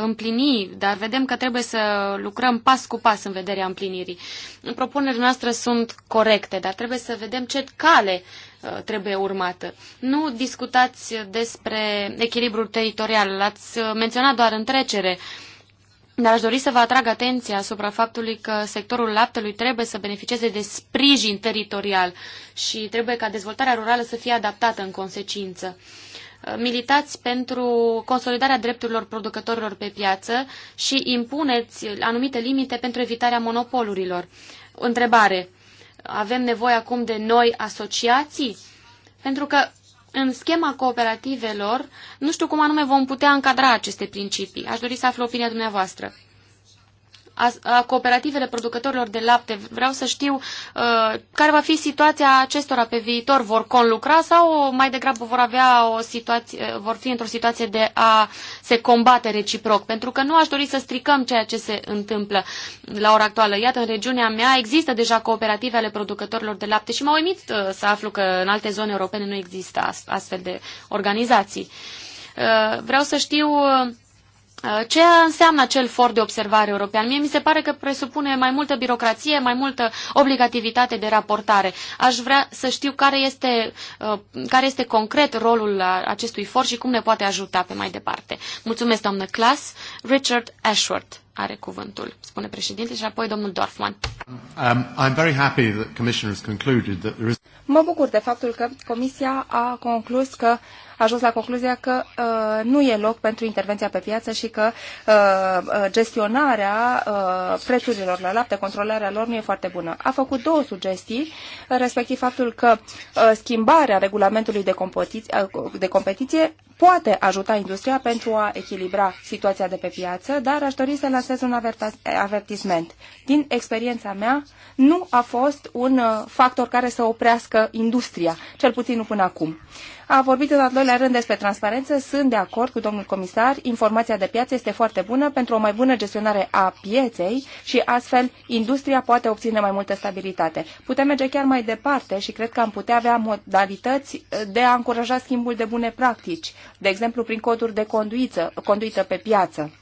împlini, dar vedem că trebuie să lucrăm pas cu pas în vederea împlinirii. Propunerile noastre sunt corecte, dar trebuie să vedem ce cale uh, trebuie urmată. Nu discutați despre echilibrul teritorial, l-ați menționat doar în trecere. Dar aș dori să vă atrag atenția asupra faptului că sectorul laptelui trebuie să beneficieze de sprijin teritorial și trebuie ca dezvoltarea rurală să fie adaptată în consecință. Uh, militați pentru consolidarea drepturilor producătorilor pe piață și impuneți anumite limite pentru evitarea monopolurilor. Întrebare. Avem nevoie acum de noi asociații? Pentru că în schema cooperativelor, nu știu cum anume vom putea încadra aceste principii. Aș dori să aflu opinia dumneavoastră a, cooperativele producătorilor de lapte. Vreau să știu uh, care va fi situația acestora pe viitor. Vor conlucra sau mai degrabă vor avea o situație, uh, vor fi într-o situație de a se combate reciproc? Pentru că nu aș dori să stricăm ceea ce se întâmplă la ora actuală. Iată, în regiunea mea există deja cooperative ale producătorilor de lapte și m au uimit uh, să aflu că în alte zone europene nu există astfel de organizații. Uh, vreau să știu uh, Uh, ce înseamnă acel for de observare european? Mie mi se pare că presupune mai multă birocrație, mai multă obligativitate de raportare. Aș vrea să știu care este, uh, care este concret rolul acestui for și cum ne poate ajuta pe mai departe. Mulțumesc, doamnă Clas. Richard Ashworth are cuvântul, spune președinte, și apoi domnul Dorfman. Um, mă bucur de faptul că Comisia a conclus că ajuns la concluzia că uh, nu e loc pentru intervenția pe piață și că uh, uh, gestionarea uh, prețurilor la lapte, controlarea lor nu e foarte bună. A făcut două sugestii, respectiv faptul că uh, schimbarea regulamentului de uh, de competiție poate ajuta industria pentru a echilibra situația de pe piață, dar aș dori să lansez un avertisment. Din experiența mea, nu a fost un uh, factor care să oprească industria, cel puțin nu până acum. A vorbit în al doilea rând despre transparență, sunt de acord cu domnul comisar, informația de piață este foarte bună pentru o mai bună gestionare a pieței și astfel industria poate obține mai multă stabilitate. Putem merge chiar mai departe și cred că am putea avea modalități uh, de a încuraja schimbul de bune practici de exemplu prin coduri de conduită, conduită pe piață.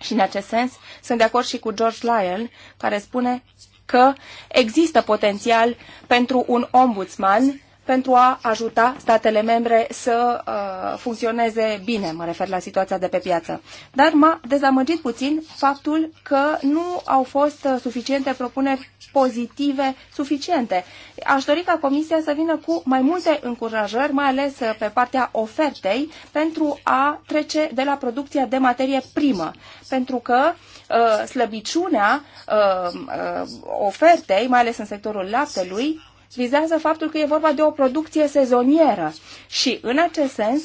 Și în acest sens sunt de acord și cu George Lyon, care spune că există potențial pentru un ombudsman pentru a ajuta statele membre să uh, funcționeze bine, mă refer la situația de pe piață. Dar m-a dezamăgit puțin faptul că nu au fost uh, suficiente propuneri pozitive suficiente. Aș dori ca Comisia să vină cu mai multe încurajări, mai ales uh, pe partea ofertei, pentru a trece de la producția de materie primă. Pentru că uh, slăbiciunea uh, uh, ofertei, mai ales în sectorul laptelui, vizează faptul că e vorba de o producție sezonieră și în acest sens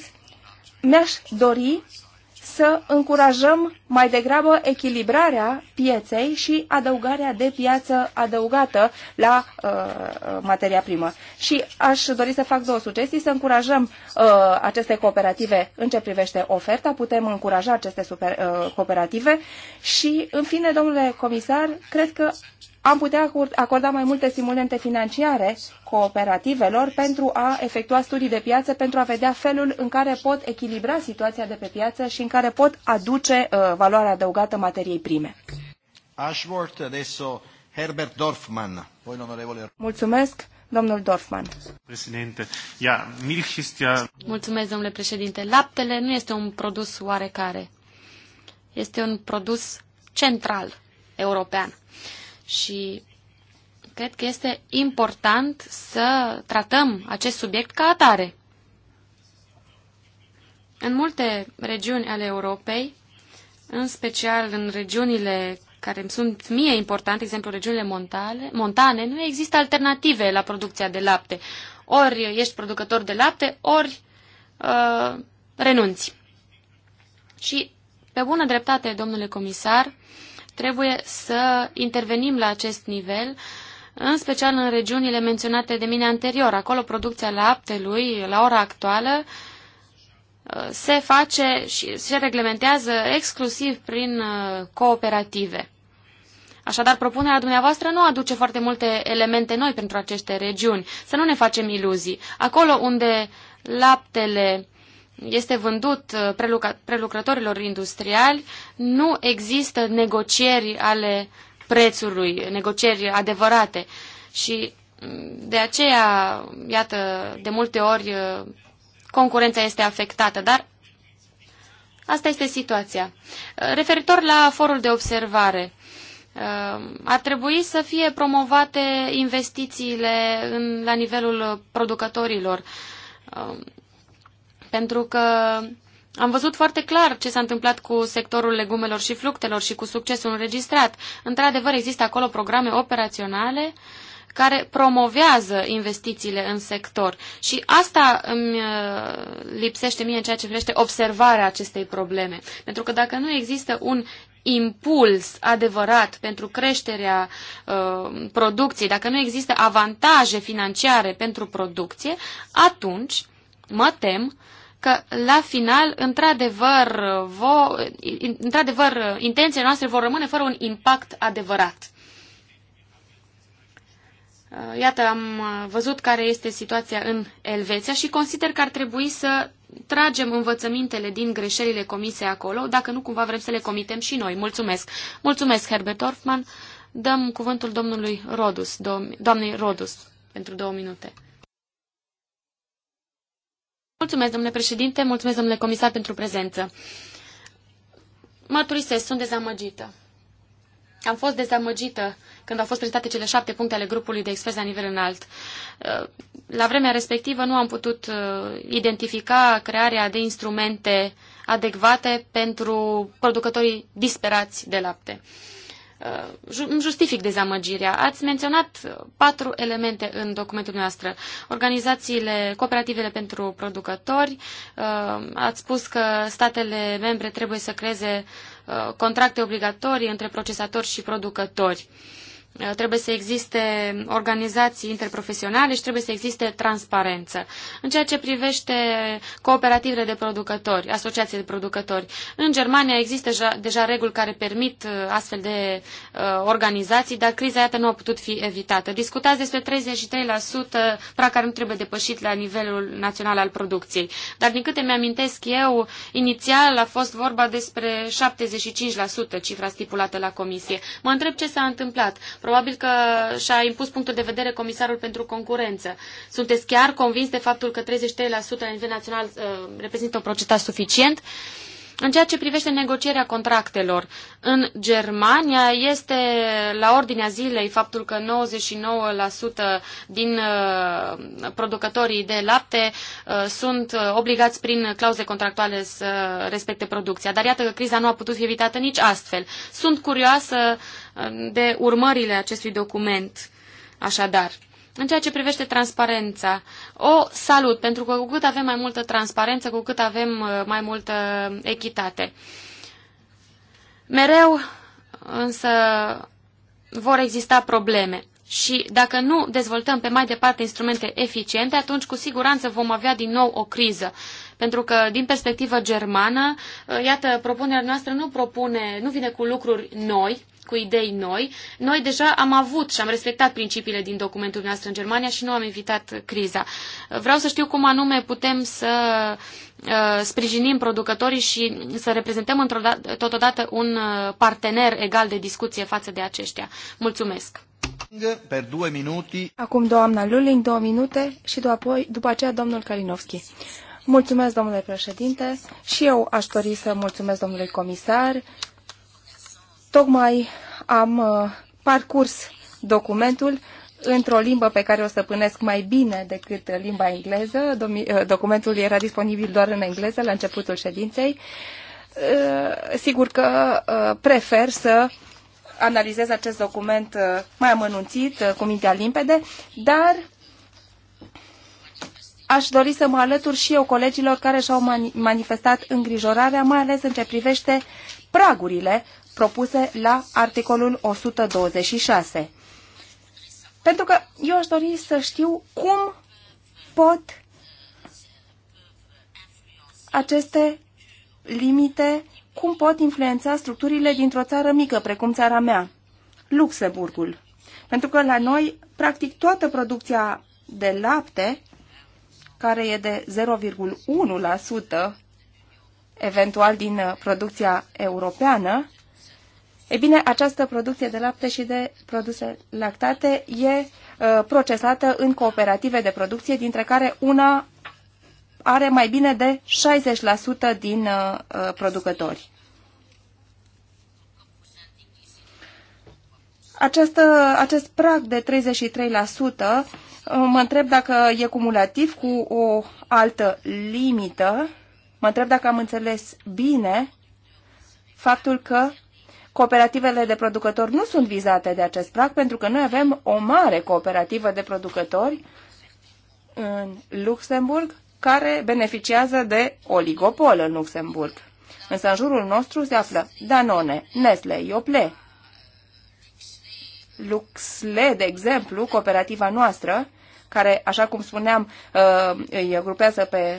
mi-aș dori să încurajăm mai degrabă echilibrarea pieței și adăugarea de piață adăugată la uh, uh, materia primă. Și aș dori să fac două sugestii, să încurajăm uh, aceste cooperative în ce privește oferta, putem încuraja aceste super, uh, cooperative și, în fine, domnule comisar, cred că am putea acorda mai multe stimulente financiare cooperativelor pentru a efectua studii de piață, pentru a vedea felul în care pot echilibra situația de pe piață și în care pot aduce uh, valoarea adăugată materiei prime. Ashworth, adesso Herbert Dorfman, poi onorevole... Mulțumesc, domnul Dorfman. Președinte, ia, milk Mulțumesc, domnule președinte. Laptele nu este un produs oarecare. Este un produs central european și cred că este important să tratăm acest subiect ca atare. În multe regiuni ale Europei, în special în regiunile care îmi sunt mie importante, exemplu regiunile montale, montane, nu există alternative la producția de lapte. Ori ești producător de lapte, ori uh, renunți. Și, pe bună dreptate, domnule comisar, Trebuie să intervenim la acest nivel, în special în regiunile menționate de mine anterior. Acolo producția laptelui, la ora actuală, se face și se reglementează exclusiv prin uh, cooperative. Așadar, propunerea dumneavoastră nu aduce foarte multe elemente noi pentru aceste regiuni. Să nu ne facem iluzii. Acolo unde laptele este vândut uh, prelucrătorilor industriali, nu există negocieri ale prețului, negocieri adevărate. Și mm, de aceea, iată, de multe ori uh, concurența este afectată, dar asta este situația. Uh, referitor la forul de observare, ar trebui să fie promovate investițiile în, la nivelul producătorilor pentru că am văzut foarte clar ce s-a întâmplat cu sectorul legumelor și fructelor și cu succesul înregistrat. Într-adevăr, există acolo programe operaționale care promovează investițiile în sector. Și asta îmi uh, lipsește mie în ceea ce privește observarea acestei probleme. Pentru că dacă nu există un impuls adevărat pentru creșterea uh, producției, dacă nu există avantaje financiare pentru producție, atunci mă tem că la final, într-adevăr, într-adevăr, intențiile noastre vor rămâne fără un impact adevărat. Uh, iată, am uh, văzut care este situația în Elveția și consider că ar trebui să tragem învățămintele din greșelile comise acolo, dacă nu cumva vrem să le comitem și noi. Mulțumesc! Mulțumesc, Herbert Orfman! Dăm cuvântul domnului Rodus, do doamnei Rodus, pentru două minute. Mulțumesc, domnule președinte, mulțumesc, domnule comisar, pentru prezență. Mărturisesc, sunt dezamăgită. Am fost dezamăgită când au fost prezentate cele șapte puncte ale grupului de experți la nivel înalt. La vremea respectivă nu am putut uh, identifica crearea de instrumente adecvate pentru producătorii disperați de lapte. Uh, îmi justific dezamăgirea. Ați menționat uh, patru elemente în documentul noastră. Organizațiile, cooperativele pentru producători, uh, ați spus că statele membre trebuie să creeze contracte obligatorii între procesatori și producători. Uh, trebuie să existe organizații interprofesionale și trebuie să existe transparență. În ceea ce privește cooperativele de producători, asociații de producători, în Germania există deja, reguli care permit uh, astfel de uh, organizații, dar criza iată nu a putut fi evitată. Discutați despre 33% pra care nu trebuie depășit la nivelul național al producției. Dar din câte mi-amintesc eu, inițial a fost vorba despre 75% cifra stipulată la comisie. Mă întreb ce s-a întâmplat Probabil că și-a impus punctul de vedere comisarul pentru concurență. Sunteți chiar convins de faptul că 33% la nivel național uh, reprezintă un procentaj suficient? În ceea ce privește negocierea contractelor, în Germania este la ordinea zilei faptul că 99% din uh, producătorii de lapte uh, sunt uh, obligați prin clauze contractuale să respecte producția. Dar iată că criza nu a putut fi evitată nici astfel. Sunt curioasă de urmările acestui document. Așadar, în ceea ce privește transparența, o salut, pentru că cu cât avem mai multă transparență, cu cât avem uh, mai multă echitate. Mereu însă vor exista probleme. Și dacă nu dezvoltăm pe mai departe instrumente eficiente, atunci cu siguranță vom avea din nou o criză. Pentru că, din perspectivă germană, uh, iată, propunerea noastră nu propune, nu vine cu lucruri noi, cu idei noi. Noi deja am avut și am respectat principiile din documentul noastră în Germania și nu am evitat criza. Vreau să știu cum anume putem să uh, sprijinim producătorii și să reprezentăm într-o dată, totodată un uh, partener egal de discuție față de aceștia. Mulțumesc! Per două minute. Acum doamna Luling, două minute și după, apoi, după aceea domnul Kalinovski. Mulțumesc, domnule președinte, și eu aș dori să mulțumesc domnului comisar Tocmai am uh, parcurs documentul într-o limbă pe care o stăpânesc mai bine decât limba engleză. Uh, documentul era disponibil doar în engleză la începutul ședinței. Uh, sigur că prefer să analizez acest document mai amănunțit, cu mintea limpede, dar aș dori să mă alătur și eu colegilor care și-au manifestat îngrijorarea, mai ales în ce privește pragurile propuse la articolul 126. Pentru că eu aș dori să știu cum pot aceste limite, cum pot influența structurile dintr-o țară mică, precum țara mea, Luxemburgul. Pentru că la noi, practic, toată producția de lapte, care e de 0,1%, eventual din uh, producția europeană, E bine, această producție de lapte și de produse lactate e uh, procesată în cooperative de producție, dintre care una are mai bine de 60% din uh, uh, producători. Această, acest prag de 33% uh, mă întreb dacă e cumulativ cu o altă limită. Mă întreb dacă am înțeles bine faptul că cooperativele de producători nu sunt vizate de acest prag pentru că noi avem o mare cooperativă de producători în Luxemburg care beneficiază de oligopol în Luxemburg. Însă în jurul nostru se află Danone, Nestle, Iople, Luxle, de exemplu, cooperativa noastră, care, așa cum spuneam, uh, îi grupează pe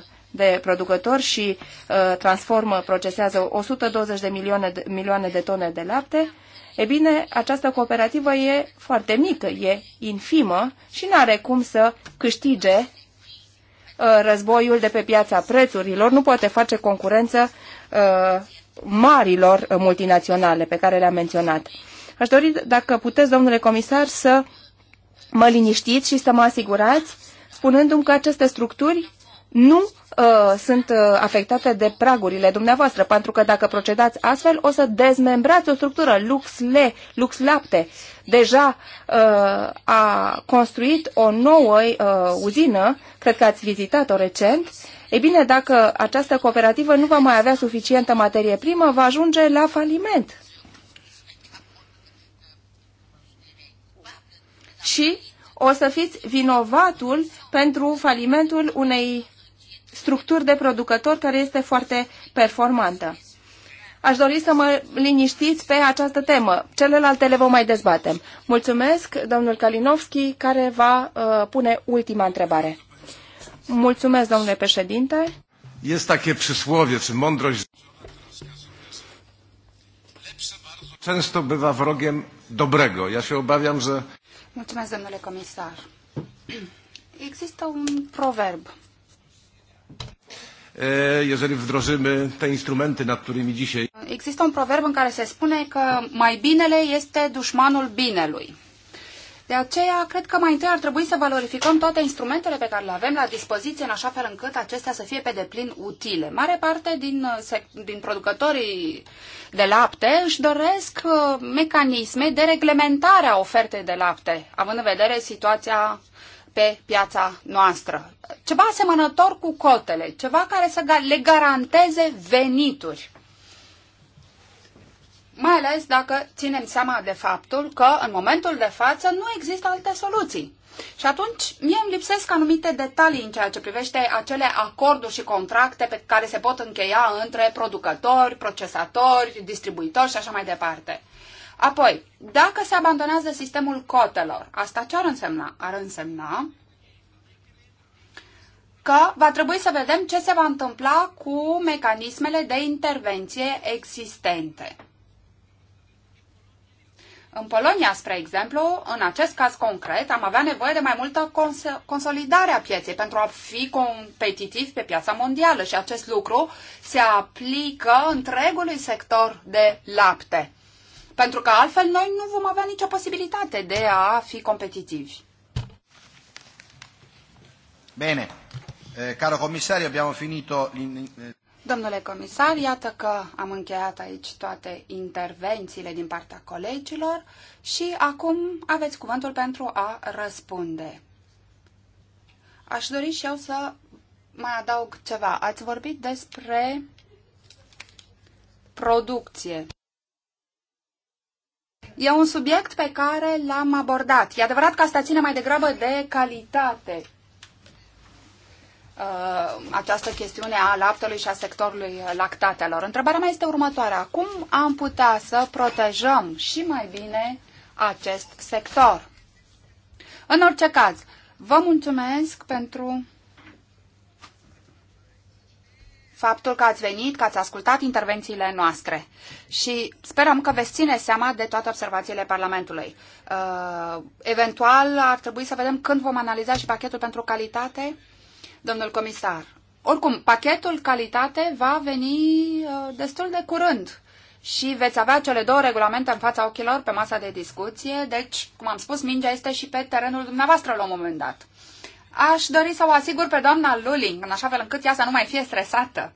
60% de producători și uh, transformă, procesează 120 de milioane, de milioane de tone de lapte, e bine, această cooperativă e foarte mică, e infimă și nu are cum să câștige uh, războiul de pe piața prețurilor, nu poate face concurență uh, marilor multinaționale pe care le-am menționat. Aș dori, dacă puteți, domnule comisar, să mă liniștiți și să mă asigurați, spunându-mi că aceste structuri nu uh, sunt uh, afectate de pragurile dumneavoastră, pentru că dacă procedați astfel, o să dezmembrați o structură. lux-le lux-lapte, deja uh, a construit o nouă uh, uzină, cred că ați vizitat-o recent. E bine, dacă această cooperativă nu va mai avea suficientă materie primă, va ajunge la faliment. Și o să fiți vinovatul pentru falimentul unei structuri de producători care este foarte performantă. Aș dori să mă liniștiți pe această temă. Celelalte le vom mai dezbatem. Mulțumesc, domnul Kalinovski, care va uh, pune ultima întrebare. Mulțumesc, domnule președinte. Este takie przysłowie, czy mądrość często bywa wrogiem dobrego. Ja się obawiam, że... Mulțumesc, domnule comisar. Există un proverb jeżeli wdrożymy te instrumenty, nad którymi dzisiaj... Există un proverb în care se spune că mai binele este dușmanul binelui. De aceea, cred că mai întâi ar trebui să valorificăm toate instrumentele pe care le avem la dispoziție, în așa fel încât acestea să fie pe deplin utile. Mare parte din, uh, din producătorii de lapte își doresc uh, mecanisme de reglementare a ofertei de lapte, având în vedere situația pe piața noastră. Ceva asemănător cu cotele, ceva care să le garanteze venituri. Mai ales dacă ținem seama de faptul că în momentul de față nu există alte soluții. Și atunci mie îmi lipsesc anumite detalii în ceea ce privește acele acorduri și contracte pe care se pot încheia între producători, procesatori, distribuitori și așa mai departe. Apoi, dacă se abandonează sistemul cotelor, asta ce ar însemna? Ar însemna că va trebui să vedem ce se va întâmpla cu mecanismele de intervenție existente. În Polonia, spre exemplu, în acest caz concret, am avea nevoie de mai multă cons consolidare a pieței pentru a fi competitiv pe piața mondială și acest lucru se aplică întregului sector de lapte pentru că altfel noi nu vom avea nicio posibilitate de a fi competitivi. Bine. Eh, caro comisario, abbiamo finito... Eh. Domnule comisar, iată că am încheiat aici toate intervențiile din partea colegilor și acum aveți cuvântul pentru a răspunde. Aș dori și eu să mai adaug ceva. Ați vorbit despre producție. E un subiect pe care l-am abordat. E adevărat că asta ține mai degrabă de calitate. Uh, această chestiune a laptelui și a sectorului lactatelor. Întrebarea mea este următoarea. Cum am putea să protejăm și mai bine acest sector? În orice caz, vă mulțumesc pentru faptul că ați venit, că ați ascultat intervențiile noastre și sperăm că veți ține seama de toate observațiile Parlamentului. Uh, eventual ar trebui să vedem când vom analiza și pachetul pentru calitate, domnul comisar. Oricum, pachetul calitate va veni uh, destul de curând și veți avea cele două regulamente în fața ochilor pe masa de discuție, deci, cum am spus, mingea este și pe terenul dumneavoastră la un moment dat. Aș dori să o asigur pe doamna Luling, în așa fel încât ea să nu mai fie stresată.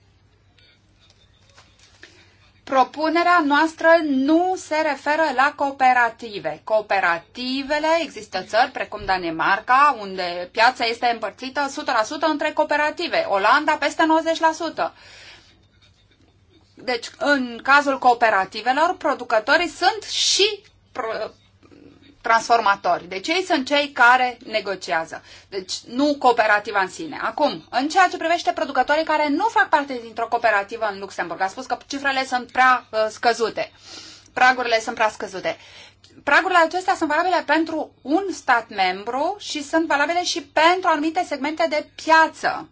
Propunerea noastră nu se referă la cooperative. Cooperativele există țări precum Danemarca, unde piața este împărțită 100% între cooperative, Olanda peste 90%. Deci, în cazul cooperativelor, producătorii sunt și transformatori. Deci ei sunt cei care negociază. Deci nu cooperativa în sine. Acum, în ceea ce privește producătorii care nu fac parte dintr-o cooperativă în Luxemburg, a spus că cifrele sunt prea uh, scăzute. Pragurile sunt prea scăzute. Pragurile acestea sunt valabile pentru un stat membru și sunt valabile și pentru anumite segmente de piață.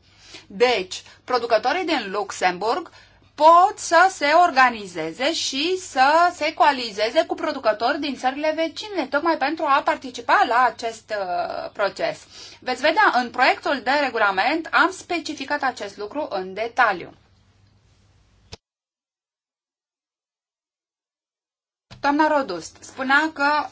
Deci, producătorii din Luxemburg uh, pot să se organizeze și să se coalizeze cu producători din țările vecine, tocmai pentru a participa la acest uh, proces. Veți vedea, în proiectul de regulament am specificat acest lucru în detaliu. Doamna Rodust spunea că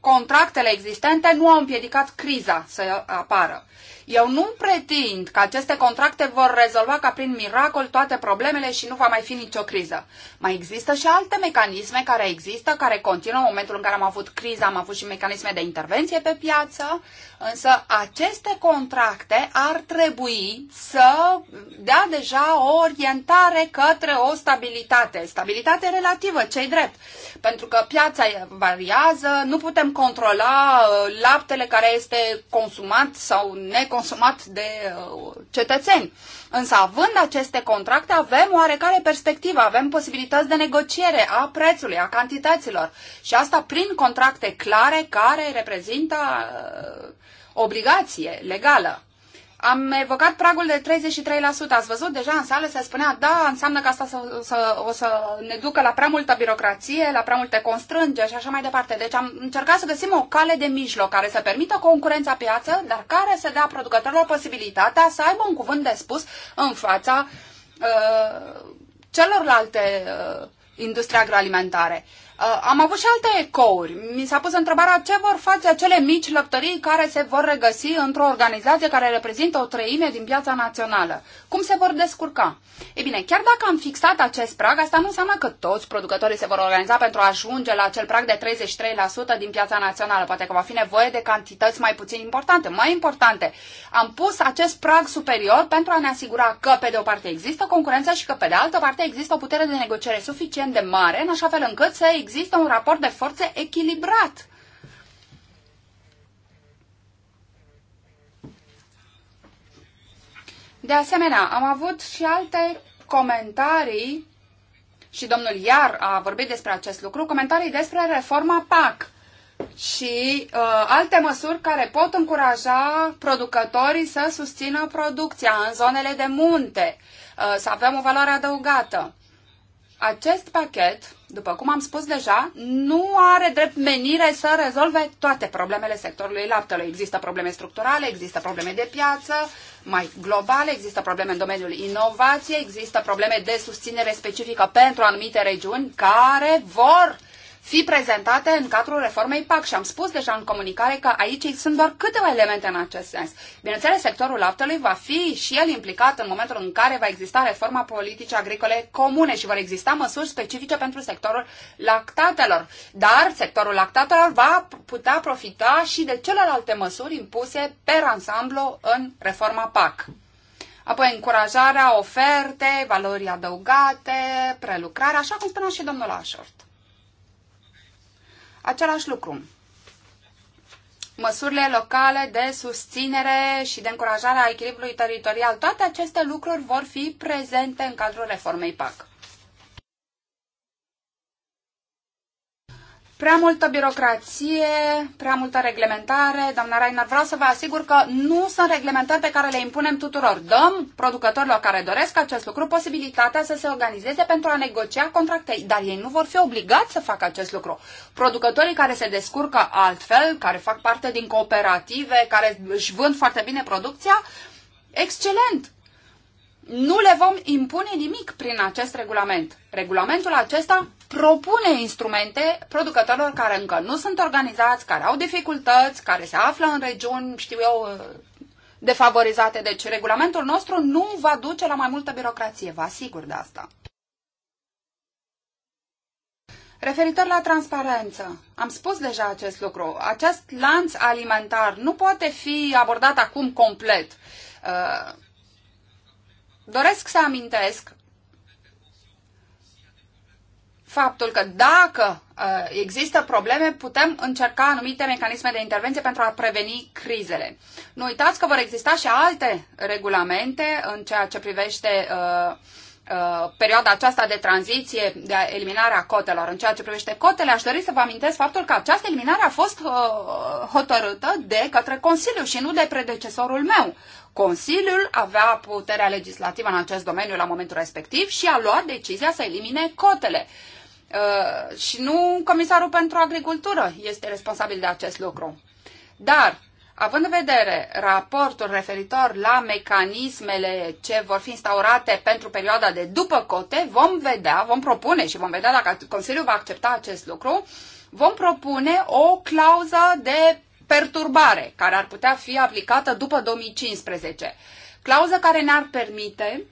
contractele existente nu au împiedicat criza să apară. Eu nu pretind că aceste contracte vor rezolva ca prin miracol toate problemele și nu va mai fi nicio criză. Mai există și alte mecanisme care există, care continuă în momentul în care am avut criza, am avut și mecanisme de intervenție pe piață, însă aceste contracte ar trebui să dea deja o orientare către o stabilitate, stabilitate relativă, cei drept, pentru că piața variază, nu putem controla uh, laptele care este consumat sau neconsumat consumat de uh, cetățeni. Însă având aceste contracte avem oarecare perspectivă, avem posibilități de negociere a prețului, a cantităților și asta prin contracte clare care reprezintă uh, obligație legală. Am evocat pragul de 33%. Ați văzut deja în sală, se spunea, da, înseamnă că asta să, să, o să ne ducă la prea multă birocrație, la prea multe constrângeri și așa mai departe. Deci am încercat să găsim o cale de mijloc care să permită concurența piață, dar care să dea producătorilor posibilitatea să aibă un cuvânt de spus în fața uh, celorlalte uh, industrie agroalimentare. Uh, am avut și alte ecouri. Mi s-a pus întrebarea ce vor face acele mici lăptării care se vor regăsi într-o organizație care reprezintă o treime din piața națională. Cum se vor descurca? Ei bine, chiar dacă am fixat acest prag, asta nu înseamnă că toți producătorii se vor organiza pentru a ajunge la acel prag de 33% din piața națională. Poate că va fi nevoie de cantități mai puțin importante, mai importante. Am pus acest prag superior pentru a ne asigura că, pe de o parte, există concurență și că, pe de altă parte, există o putere de negociere suficient de mare, în așa fel încât să există există un raport de forțe echilibrat. De asemenea, am avut și alte comentarii și domnul Iar a vorbit despre acest lucru, comentarii despre reforma PAC și uh, alte măsuri care pot încuraja producătorii să susțină producția în zonele de munte, uh, să avem o valoare adăugată acest pachet, după cum am spus deja, nu are drept menire să rezolve toate problemele sectorului laptelui. Există probleme structurale, există probleme de piață, mai globale, există probleme în domeniul inovației, există probleme de susținere specifică pentru anumite regiuni care vor uh, fi prezentate în cadrul reformei PAC și am spus deja în comunicare că aici sunt doar câteva elemente în acest sens. Bineînțeles, sectorul laptelui va fi și el implicat în momentul în care va exista reforma politicii agricole comune și vor exista măsuri specifice pentru sectorul lactatelor. Dar sectorul lactatelor va putea profita și de celelalte măsuri impuse per ansamblu în reforma PAC. Apoi încurajarea, oferte, valori adăugate, prelucrare, așa cum spunea și domnul Ashort. Același lucru. Măsurile locale de susținere și de încurajare a echilibrului teritorial, toate aceste lucruri vor fi prezente în cadrul reformei PAC. Prea multă birocrație, prea multă reglementare. Doamna Rainer, vreau să vă asigur că nu sunt reglementări pe care le impunem tuturor. Dăm producătorilor care doresc acest lucru posibilitatea să se organizeze pentru a negocia contracte, dar ei nu vor fi obligați să facă acest lucru. Producătorii care se descurcă altfel, care fac parte din cooperative, care își vând foarte bine producția, excelent! nu le vom impune nimic prin acest regulament. Regulamentul acesta propune instrumente producătorilor care încă nu sunt organizați, care au dificultăți, care se află în regiuni, știu eu, defavorizate. Deci regulamentul nostru nu va duce la mai multă birocrație, vă asigur de asta. Referitor la transparență, am spus deja acest lucru. Acest lanț alimentar nu poate fi abordat acum complet. Uh, doresc să amintesc faptul că dacă uh, există probleme, putem încerca anumite mecanisme de intervenție pentru a preveni crizele. Nu uitați că vor exista și alte regulamente în ceea ce privește uh, uh, perioada aceasta de tranziție, de eliminare a cotelor. În ceea ce privește cotele, aș dori să vă amintesc faptul că această eliminare a fost hotărâtă de către Consiliu și nu de predecesorul meu. Consiliul avea puterea legislativă în acest domeniu la momentul respectiv și a luat decizia să elimine cotele. Uh, și nu Comisarul pentru Agricultură este responsabil de acest lucru. Dar, având în vedere raportul referitor la mecanismele ce vor fi instaurate pentru perioada de după cote, vom vedea, vom propune și vom vedea dacă Consiliul va accepta acest lucru, vom propune o clauză de perturbare, care ar putea fi aplicată după 2015. Clauză care ne-ar permite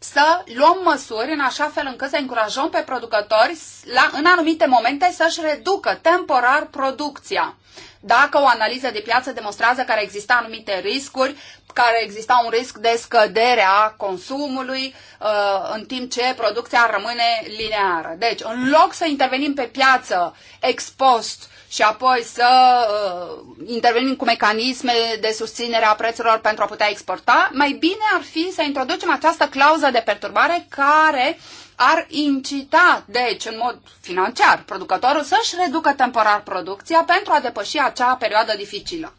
să luăm măsuri în așa fel încât să încurajăm pe producători la, în anumite momente să-și reducă temporar producția. Dacă o analiză de piață demonstrează că există anumite riscuri, care exista un risc de scădere a consumului uh, în timp ce producția rămâne lineară. Deci, în loc să intervenim pe piață expost și apoi să uh, intervenim cu mecanisme de susținere a prețurilor pentru a putea exporta, mai bine ar fi să introducem această clauză de perturbare care ar incita, deci, în mod financiar, producătorul să-și reducă temporar producția pentru a depăși acea perioadă dificilă.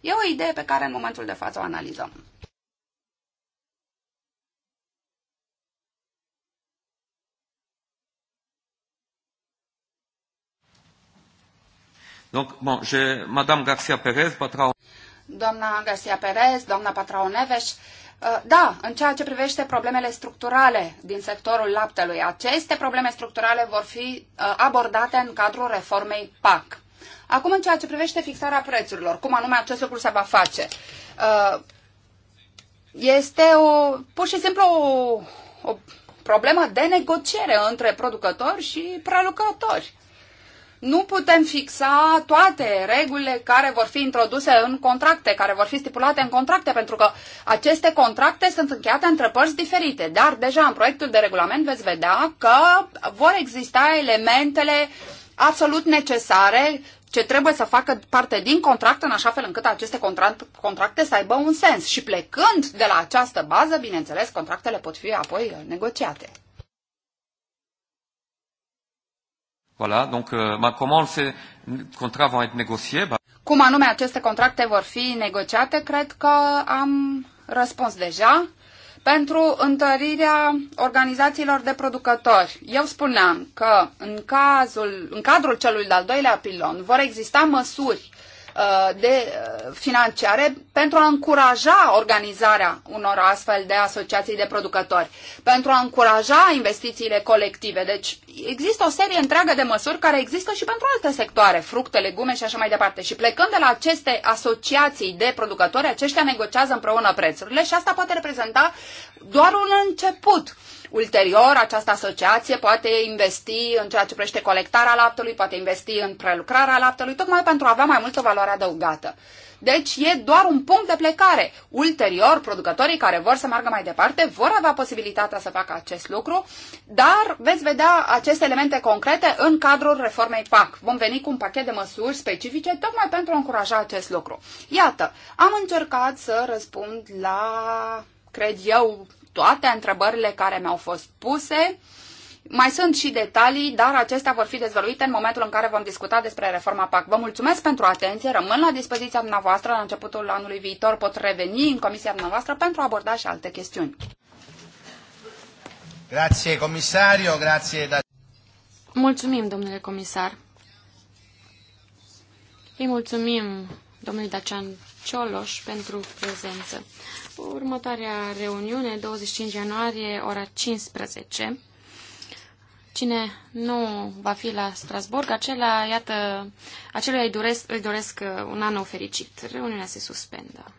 E o idee pe care în momentul de față o analizăm. Donc, bon, je, Madame Garcia Perez, Patrao... Doamna Garcia Perez, doamna Patrao Neves, uh, da, în ceea ce privește problemele structurale din sectorul laptelui, aceste probleme structurale vor fi uh, abordate în cadrul reformei PAC. Acum, în ceea ce privește fixarea prețurilor, cum anume acest lucru se va face, uh, este o, pur și simplu o, o problemă de negociere între producători și prelucrători nu putem fixa toate regulile care vor fi introduse în contracte, care vor fi stipulate în contracte, pentru că aceste contracte sunt încheiate între părți diferite. Dar deja în proiectul de regulament veți vedea că vor exista elementele absolut necesare ce trebuie să facă parte din contract în așa fel încât aceste contracte să aibă un sens. Și plecând de la această bază, bineînțeles, contractele pot fi apoi negociate. Voilà, donc euh, ma, comment ces contrats vont être négociés bah... Cum anume aceste contracte vor fi negociate, cred că am răspuns deja. Pentru întărirea organizațiilor de producători, eu spuneam că în, cazul, în cadrul celui de-al doilea pilon vor exista măsuri Uh, de uh, financiare pentru a încuraja organizarea unor astfel de asociații de producători, pentru a încuraja investițiile colective. Deci există o serie întreagă de măsuri care există și pentru alte sectoare, fructe, legume și așa mai departe. Și plecând de la aceste asociații de producători, aceștia negociază împreună prețurile și asta poate reprezenta doar un început Ulterior, această asociație poate investi în ceea ce privește colectarea laptelui, poate investi în prelucrarea laptelui, tocmai pentru a avea mai multă valoare adăugată. Deci e doar un punct de plecare. Ulterior, producătorii care vor să meargă mai departe vor avea posibilitatea să facă acest lucru, dar veți vedea aceste elemente concrete în cadrul reformei PAC. Vom veni cu un pachet de măsuri specifice tocmai pentru a încuraja acest lucru. Iată, am încercat să răspund la cred eu, toate întrebările care mi-au fost puse. Mai sunt și detalii, dar acestea vor fi dezvăluite în momentul în care vom discuta despre reforma PAC. Vă mulțumesc pentru atenție, rămân la dispoziția dumneavoastră la începutul anului viitor, pot reveni în comisia dumneavoastră pentru a aborda și alte chestiuni. Grazie, comisario, grazie. Da... Mulțumim, domnule comisar. Îi mulțumim domnule Dacian Cioloș pentru prezență. Următoarea reuniune, 25 ianuarie, ora 15. Cine nu va fi la Strasburg, acela, iată, acelui îi doresc, îi doresc un an fericit. Reuniunea se suspendă.